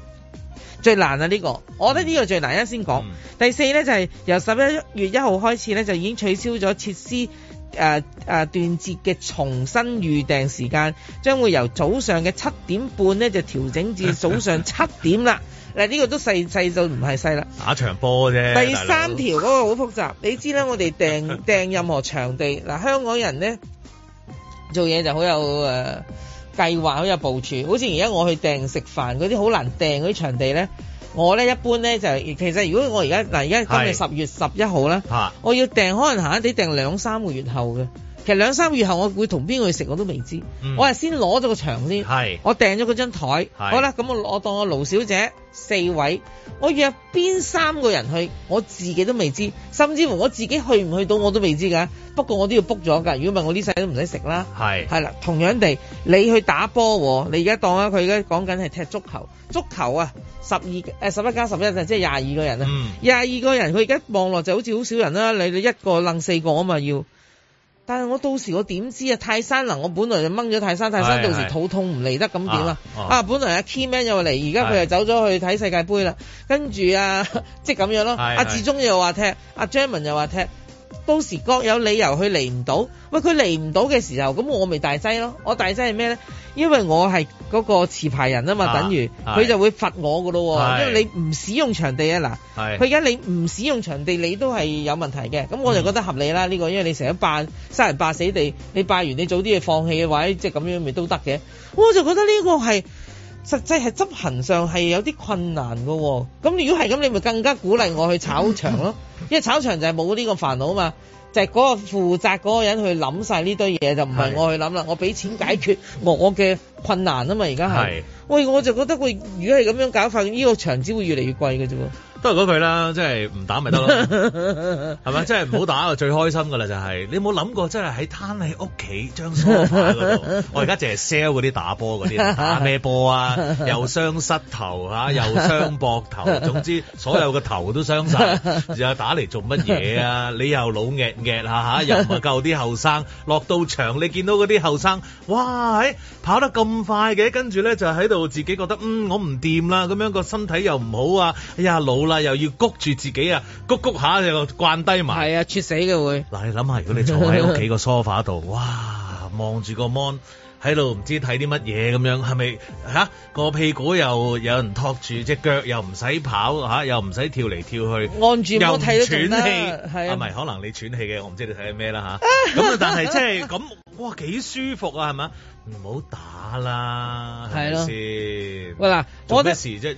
最難啊！呢、這個，我覺得呢個最難，一先講。嗯、第四呢，就係由十一月一號開始呢，就已經取消咗設施。誒誒、啊啊、段節嘅重新預訂時間將會由早上嘅七點半咧就調整至早上七點啦。嗱，呢個都細細就唔係細啦，打場波啫。第三條嗰 個好複雜，你知啦，我哋訂訂任何場地嗱，香港人呢做嘢就好有誒計劃，好、啊、有部署。好似而家我去訂食飯嗰啲好難訂嗰啲場地呢。我呢一般呢就，其實如果我而家嗱，而家今日十月十一號呢，是我要訂可能行一啲訂兩三個月後嘅。其實兩三月後我會同邊個去食我都未知，嗯、我係先攞咗個場先，是我訂咗嗰張台，是好啦，咁我我當我盧小姐四位，我約邊三個人去，我自己都未知，甚至乎我自己去唔去到我都未知噶，不過我都要 book 咗噶，如果唔係我呢世都唔使食啦，係是，係啦，同樣地，你去打波，你而家當啊佢而家講緊係踢足球，足球啊十二誒十一加十一就即係廿二個人啊，廿二、嗯、個人佢而家望落就好似好少人啦，你你一個楞四個啊嘛要。但係我到時我點知啊？泰山能，我本來就掹咗泰山，泰山到時肚痛唔嚟得咁點啊？啊，啊本來阿 Keyman 又嚟，而家佢又走咗去睇世界杯啦。跟住啊， 即係咁樣咯。阿志忠又話踢，阿 Jam 又話踢。到時各有理由佢嚟唔到，喂，佢嚟唔到嘅時候，咁我咪大劑咯，我大劑係咩呢？因為我係嗰個持牌人啊嘛，等於佢就會罰我噶咯。啊、因為你唔使用場地啊，嗱，佢而家你唔使用場地，你都係有問題嘅。咁我就覺得合理啦，呢、呢個因為你成日扮生人霸死地，你拜完你早啲嘢放棄嘅話，即係咁樣咪都得嘅。我就覺得呢個係。實際係執行上係有啲困難嘅、哦，咁如果係咁，你咪更加鼓勵我去炒場咯，因為炒場就係冇呢個煩惱嘛，就係、是、嗰個負責嗰個人去諗晒呢堆嘢，就唔係我去諗啦，是我俾錢解決我嘅困難啊嘛，而家係，是喂，我就覺得佢如果係咁樣搞法，呢、呢個場子會越嚟越貴嘅啫喎。都係嗰句啦，即係唔打咪得咯，係咪？ 即係唔好打就最開心噶啦，就是，就係你冇諗過真在在，即係喺攤喺屋企張梳化嗰度。 我而家淨係 sell 嗰啲打波嗰啲，打咩波啊？又傷膝頭吓，啊，又傷膊頭，總之所有個頭都傷晒。然後 又打嚟做乜嘢啊？你又老壓壓吓吓，又唔夠啲後生落到場。你見到嗰啲後生，哇！跑得咁快嘅，跟住咧就喺度自己覺得嗯，我唔掂啦，咁樣個身體又唔好啊。哎呀，老～啦又要谷住自己啊，谷谷下就慣低埋，係啊，猝死嘅會。嗱，你諗下，如果你坐喺屋企個 sofa 度，哇，望住個 mon 喺度唔知睇啲乜嘢咁樣，係咪吓個屁股又有人托住，隻腳又唔使跑吓，又唔使跳嚟跳去，按住又唔喘氣，啊，係咪？可能你喘氣嘅，我唔知你睇咩啦吓。咁啊，但係即係咁，哇，幾舒服啊，係咪？唔好打啦，係咪先？喂嗱，做咩事啫？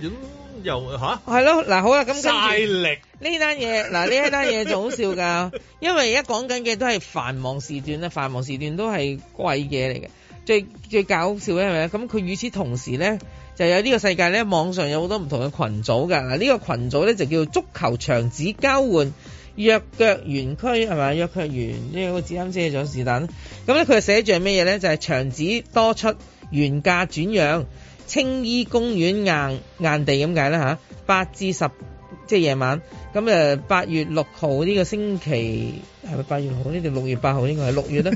T uber mic 又嚇，係、哦、咯嗱，好啦咁，跟曬力呢單嘢。嗱，呢一單嘢就好笑噶，因為而家講緊嘅都係繁忙時段啦，繁忙時段都係貴嘢嚟嘅，最最搞笑嘅係咪？咁佢與此同時咧，就有呢個世界咧，網上有好多唔同嘅群組噶。嗱，呢、這個群組咧就叫足球場子交換約腳園區係咪啊？約腳園呢個字啱先係左是但，咁咧佢就寫住係咩嘢咧？就係、是、場子多出原價轉讓。青衣公園硬硬地咁解啦，嚇、啊，八至十即係夜晚。咁誒八月六號呢個星期係咪八月六號？呢定六月八號？應該係六月啦，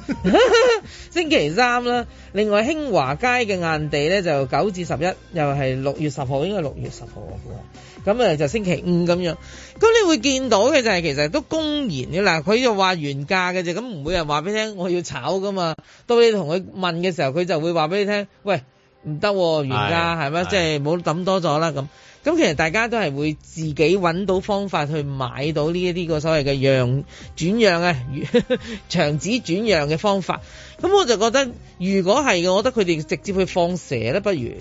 星期三啦。另外興華街嘅硬地咧就九至十一，11，又係六月十號，應該係六月十號啊！咁、嗯、誒、嗯、就係、星期五咁樣。咁你會見到嘅就係其實都公然嘅嗱，佢就話原價嘅啫。咁唔會有人話俾你聽我要炒噶嘛？到你同佢問嘅時候，佢就會話俾你聽，喂。唔得，原價係咩？即係冇諗多咗啦咁。咁其實大家都係會自己揾到方法去買到呢一啲個所謂嘅讓轉讓啊、 長子轉讓嘅方法。咁我就覺得，如果係嘅，我覺得佢哋直接去放蛇咧，不如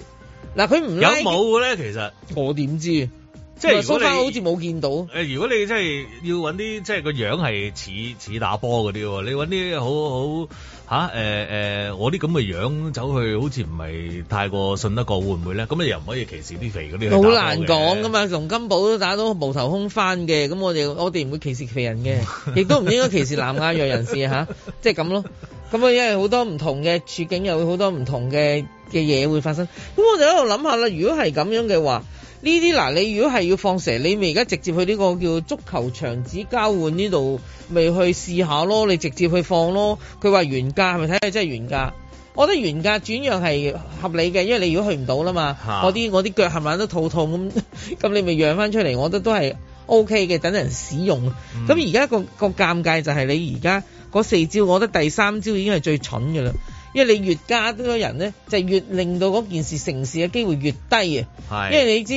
嗱佢唔，有冇嘅咧？其實我點知？即係相反，好似冇見到。誒，如果你真係、呃、要揾啲即係個樣係似似打波嗰啲喎，你揾啲好好。好好好好嚇誒誒，我啲咁嘅樣走去，好似唔係太過信得過，會唔會咧？咁你又唔可以歧視啲肥嗰啲。好難講噶嘛，龍金寶都打到無頭空翻嘅，咁我哋我哋唔會歧視肥人嘅，亦 都唔應該歧視南亞裔人士吓，即係咁咯。咁啊，因為好多唔同嘅處境，有好多唔同嘅。嘅嘢會發生，咁我就喺度諗下啦。如果係咁樣嘅話，呢啲嗱，你如果係要放蛇，你咪而家直接去呢個叫足球場子交換呢度，咪去試下咯。你直接去放咯。佢話原價，咪睇下真係原價。我覺得原價轉讓係合理嘅，因為你如果去唔到啦嘛，啊、我啲我啲腳冚唪唥都肚痛咁，咁你咪讓翻出嚟。我覺得都係 OK 嘅，等人使用。咁而家個個尷尬就係你而家嗰四招，我覺得第三招已經係最蠢嘅啦。因為你越加多人呢，就越令到嗰件事成事嘅機會越低嘅。是因為你知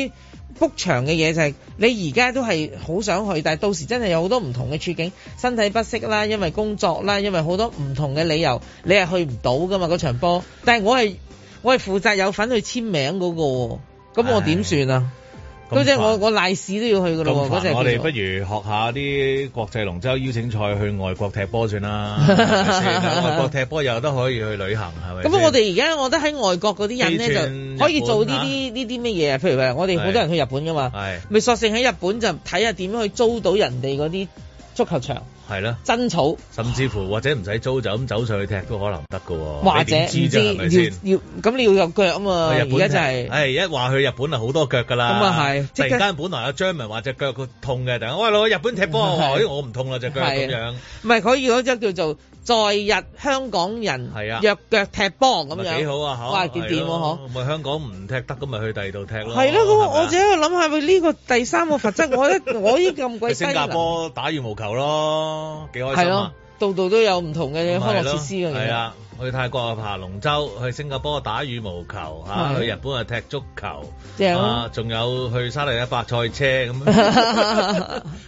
book 場嘅嘢就係、是，你而家都係好想去，但係到時真係有好多唔同嘅處境，身體不適啦，因為工作啦，因為好多唔同嘅理由，你係去唔到噶嘛嗰場波。但係我係我係負責有份去簽名嗰、嗰個，咁我點算啊？嗰隻我我瀨屎都要去噶咯，嗰隻。我哋不如學下啲國際龍舟邀請賽，去外國踢波算啦。外國踢波又都可以去旅行，係咪？ 咁我哋而家我覺得喺外國嗰啲人咧，就可以做呢啲呢啲乜嘢啊？譬如我哋好多人去日本噶嘛，咪索性喺日本就睇下點樣去租到人哋嗰啲足球場。係咯，真草甚至乎或者唔使租就咁走上去踢都可能得噶，或者唔知要要咁你要入腳啊嘛。而家就係，而家話去日本啊，好多腳噶啦。咁啊係，突然間本來阿 j 文 r e m y 話隻腳個痛嘅，突然間喂老日本踢波，我唔痛啦隻腳咁樣。唔係可以嗰隻叫做在日香港人係啊，弱腳踢波咁樣幾好啊，嚇，點點喎嗬。咪香港唔踢得咁咪去第二度踢咯。係咯，咁我自己喺度諗下，佢呢個第三個法則，我得我依咁鬼打羽毛球咯。幾開心啊！度度、哦、都，都有唔同嘅康樂設施嘅嘢，係啊！去泰國啊爬龍舟，去新加坡打羽毛球吓的、啊，去日本啊踢足球，正啊，仲有去沙地阿拉伯賽車咁，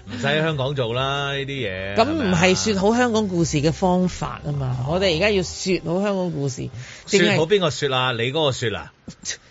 唔使喺香港做啦呢啲嘢。咁唔係說好香港故事嘅方法啊嘛！啊我哋而家要說好香港故事，說好邊、啊、個說啊？你嗰個說啊？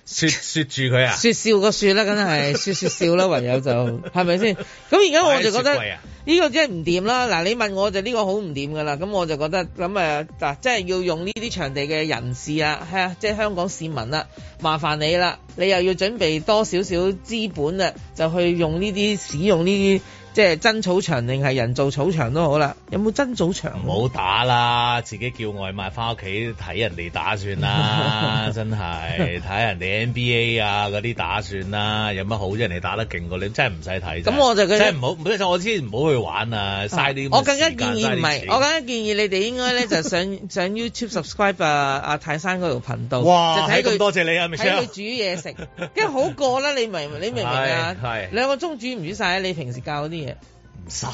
説説住佢啊！説笑個説啦，梗係説説笑啦，唯有， 唯有就係咪先？咁而家我就覺得呢、啊、個真係唔掂啦。嗱，你問我就呢、這個好唔掂㗎啦。咁我就覺得咁誒嗱，即係要用呢啲場地嘅人士啊，係啊，即係香港市民啦，麻煩你啦，你又要準備多少少資本啦，就去用呢啲使用呢啲。即係真草場定係人造草場都好啦，有冇真草場？唔好打啦，自己叫外賣返屋企睇人哋打算啦，真係睇人哋 NBA 啊嗰啲打算啦，有乜好啫？人哋打得勁過你，真係唔使睇。咁我就即係唔好，即係我先唔好去玩啊，嘥啲，我更加建議唔係，我更加建議你哋應該咧就上上 YouTube subscribe 啊啊泰山嗰條頻道，就睇佢多謝你啊，咪先啊，睇佢煮嘢食，跟住好過啦，你明？你明唔明啊？係兩個鐘煮唔煮晒？你平時教嗰啲唔使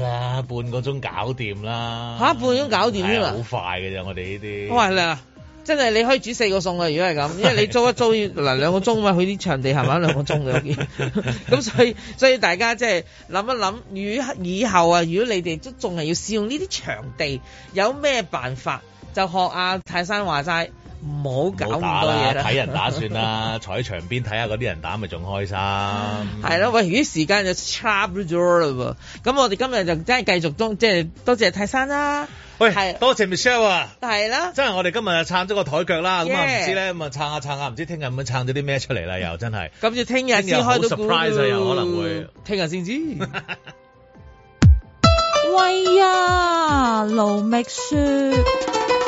啦，半個鐘搞掂啦。吓，半個鐘搞掂㗎嘛，好、嗯麼哎、快嘅咋我哋呢啲。哇、哎，真係你可以煮四個餸啊！如果係咁，因為你租一租嗱兩 個鐘嘛， 去啲場地係咪兩個鐘，嘅。咁所以所以大家即係諗一諗，以以後啊，如果你哋都仲係要試用呢啲場地，有咩辦法？就學阿、啊、泰山話齋。唔好搞咁多嘢啦，睇人打算啦， 坐喺場邊睇下嗰啲人打咪仲開心。係咯， 喂、哎，啲時間就差咗嘞喎。咁我哋今日就真係繼續多，即係多謝泰山啦。喂，係是多謝 Michelle 啊。係 的啦，真係我哋今日又撐咗個台腳啦。咁啊唔知咧，咁啊撐下撐下，唔知聽日咁樣撐咗啲咩出嚟啦？又真係。咁要聽日先開到。Surprise 啊，又可能會。聽日先知。喂呀，盧覓雪。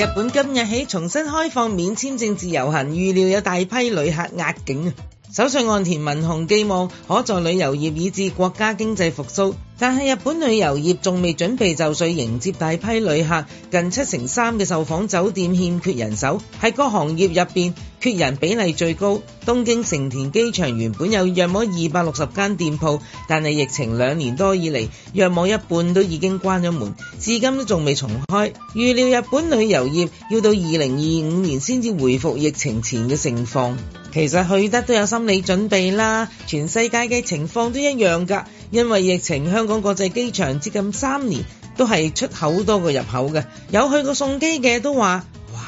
日本今日起重新開放免簽證自由行，預料有大批旅客壓境。首相岸田文雄寄望可助旅遊業以至國家經濟復蘇。但係日本旅遊業仲未準備就緒迎接大批旅客，近七成三嘅受訪酒店欠缺人手，喺各行業入邊缺人比例最高。東京成田機場原本有約摸二百六十間店鋪，但係疫情兩年多以嚟，約摸一半都已經關咗門，至今都仲未重開。預料日本旅遊業要到二零二五年先至回復疫情前嘅盛況。其實去得都有心理準備啦，全世界嘅情況都一樣噶。因為疫情，香港國際機場接近三年都係出口多過入口嘅。有去過送機嘅都話，哇，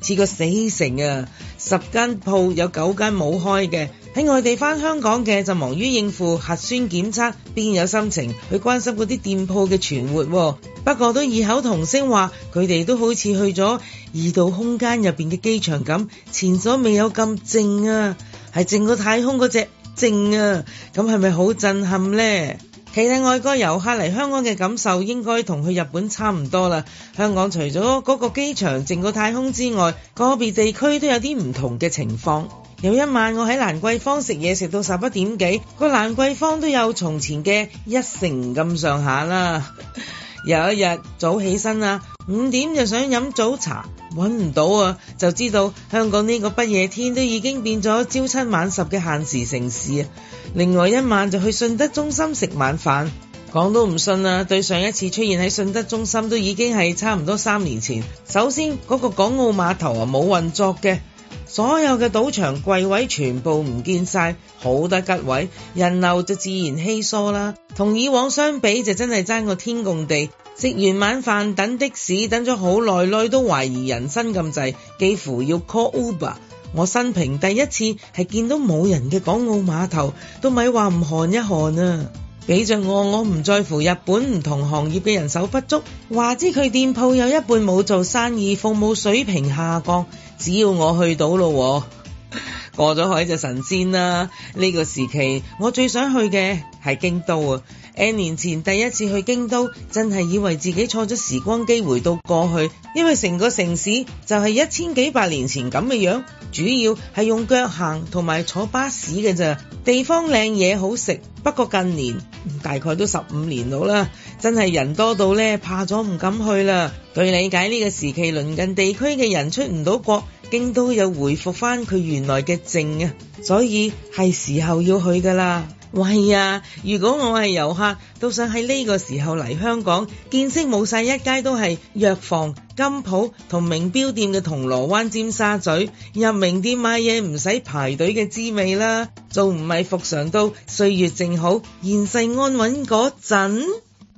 似個死城啊！十間鋪有九間冇開嘅。喺外地返香港嘅就忙於應付核酸檢測，邊有心情去關心嗰啲店鋪嘅存活啊？不過都異口同聲話，佢哋都好似去咗二度空間入邊嘅機場咁，前所未有咁靜啊，係靜過太空嗰隻。靜啊，咁係咪好震撼呢？其實外國遊客嚟香港嘅感受應該同去日本差唔多啦。香港除咗嗰個機場靜過太空之外，個別地區都有啲唔同嘅情況。有一晚我喺蘭桂坊食嘢食到十一點幾，個蘭桂坊都有從前嘅一成咁上下啦。 有一日早起身啊。五點就想飲早茶，揾唔到啊，就知道香港呢個不夜天都已經變咗朝七晚十嘅限時城市。另外一晚就去信德中心食晚飯，講都唔信啊。對上一次出現喺信德中心都已經係差唔多三年前。首先嗰個港澳碼頭啊冇運作嘅，所有嘅賭場櫃位全部唔見晒，好得吉位，人流就自然稀疏啦。同以往相比就真係爭個天共地。食完晚飯等的士，等咗好耐耐都懷疑人生咁滯，幾乎要 call Uber。我生平第一次係見到冇人嘅港澳碼頭，都咪話唔寒一寒啊！畀着我，我唔在乎日本唔同行業嘅人手不足，話知佢店鋪有一半冇做生意，服務水平下降，只要我去到咯。 過咗海就神仙啦！呢個時期我最想去嘅係京都啊！N 年前第一次去京都，真係以為自己坐咗時光機回到過去，因為成個城市就係一千幾百年前咁嘅樣。主要係用腳行同埋坐巴士嘅咋，地方靚嘢好食。不過近年大概都十五年到啦，真係人多到呢怕咗唔敢去啦。據理解呢個時期鄰近地區嘅人出唔到國。京都又回復翻佢原來嘅靜啊，所以係時候要去噶啦。喂呀，如果我係遊客，都想喺呢個時候嚟香港，見識冇晒一街都係藥房、金鋪同名表店嘅銅鑼灣、尖沙咀，入名店買嘢唔使排隊嘅滋味啦。仲唔係復常到歲月靜好、現世安穩嗰陣？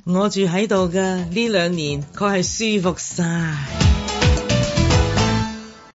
我住喺度噶呢兩年，確係舒服晒。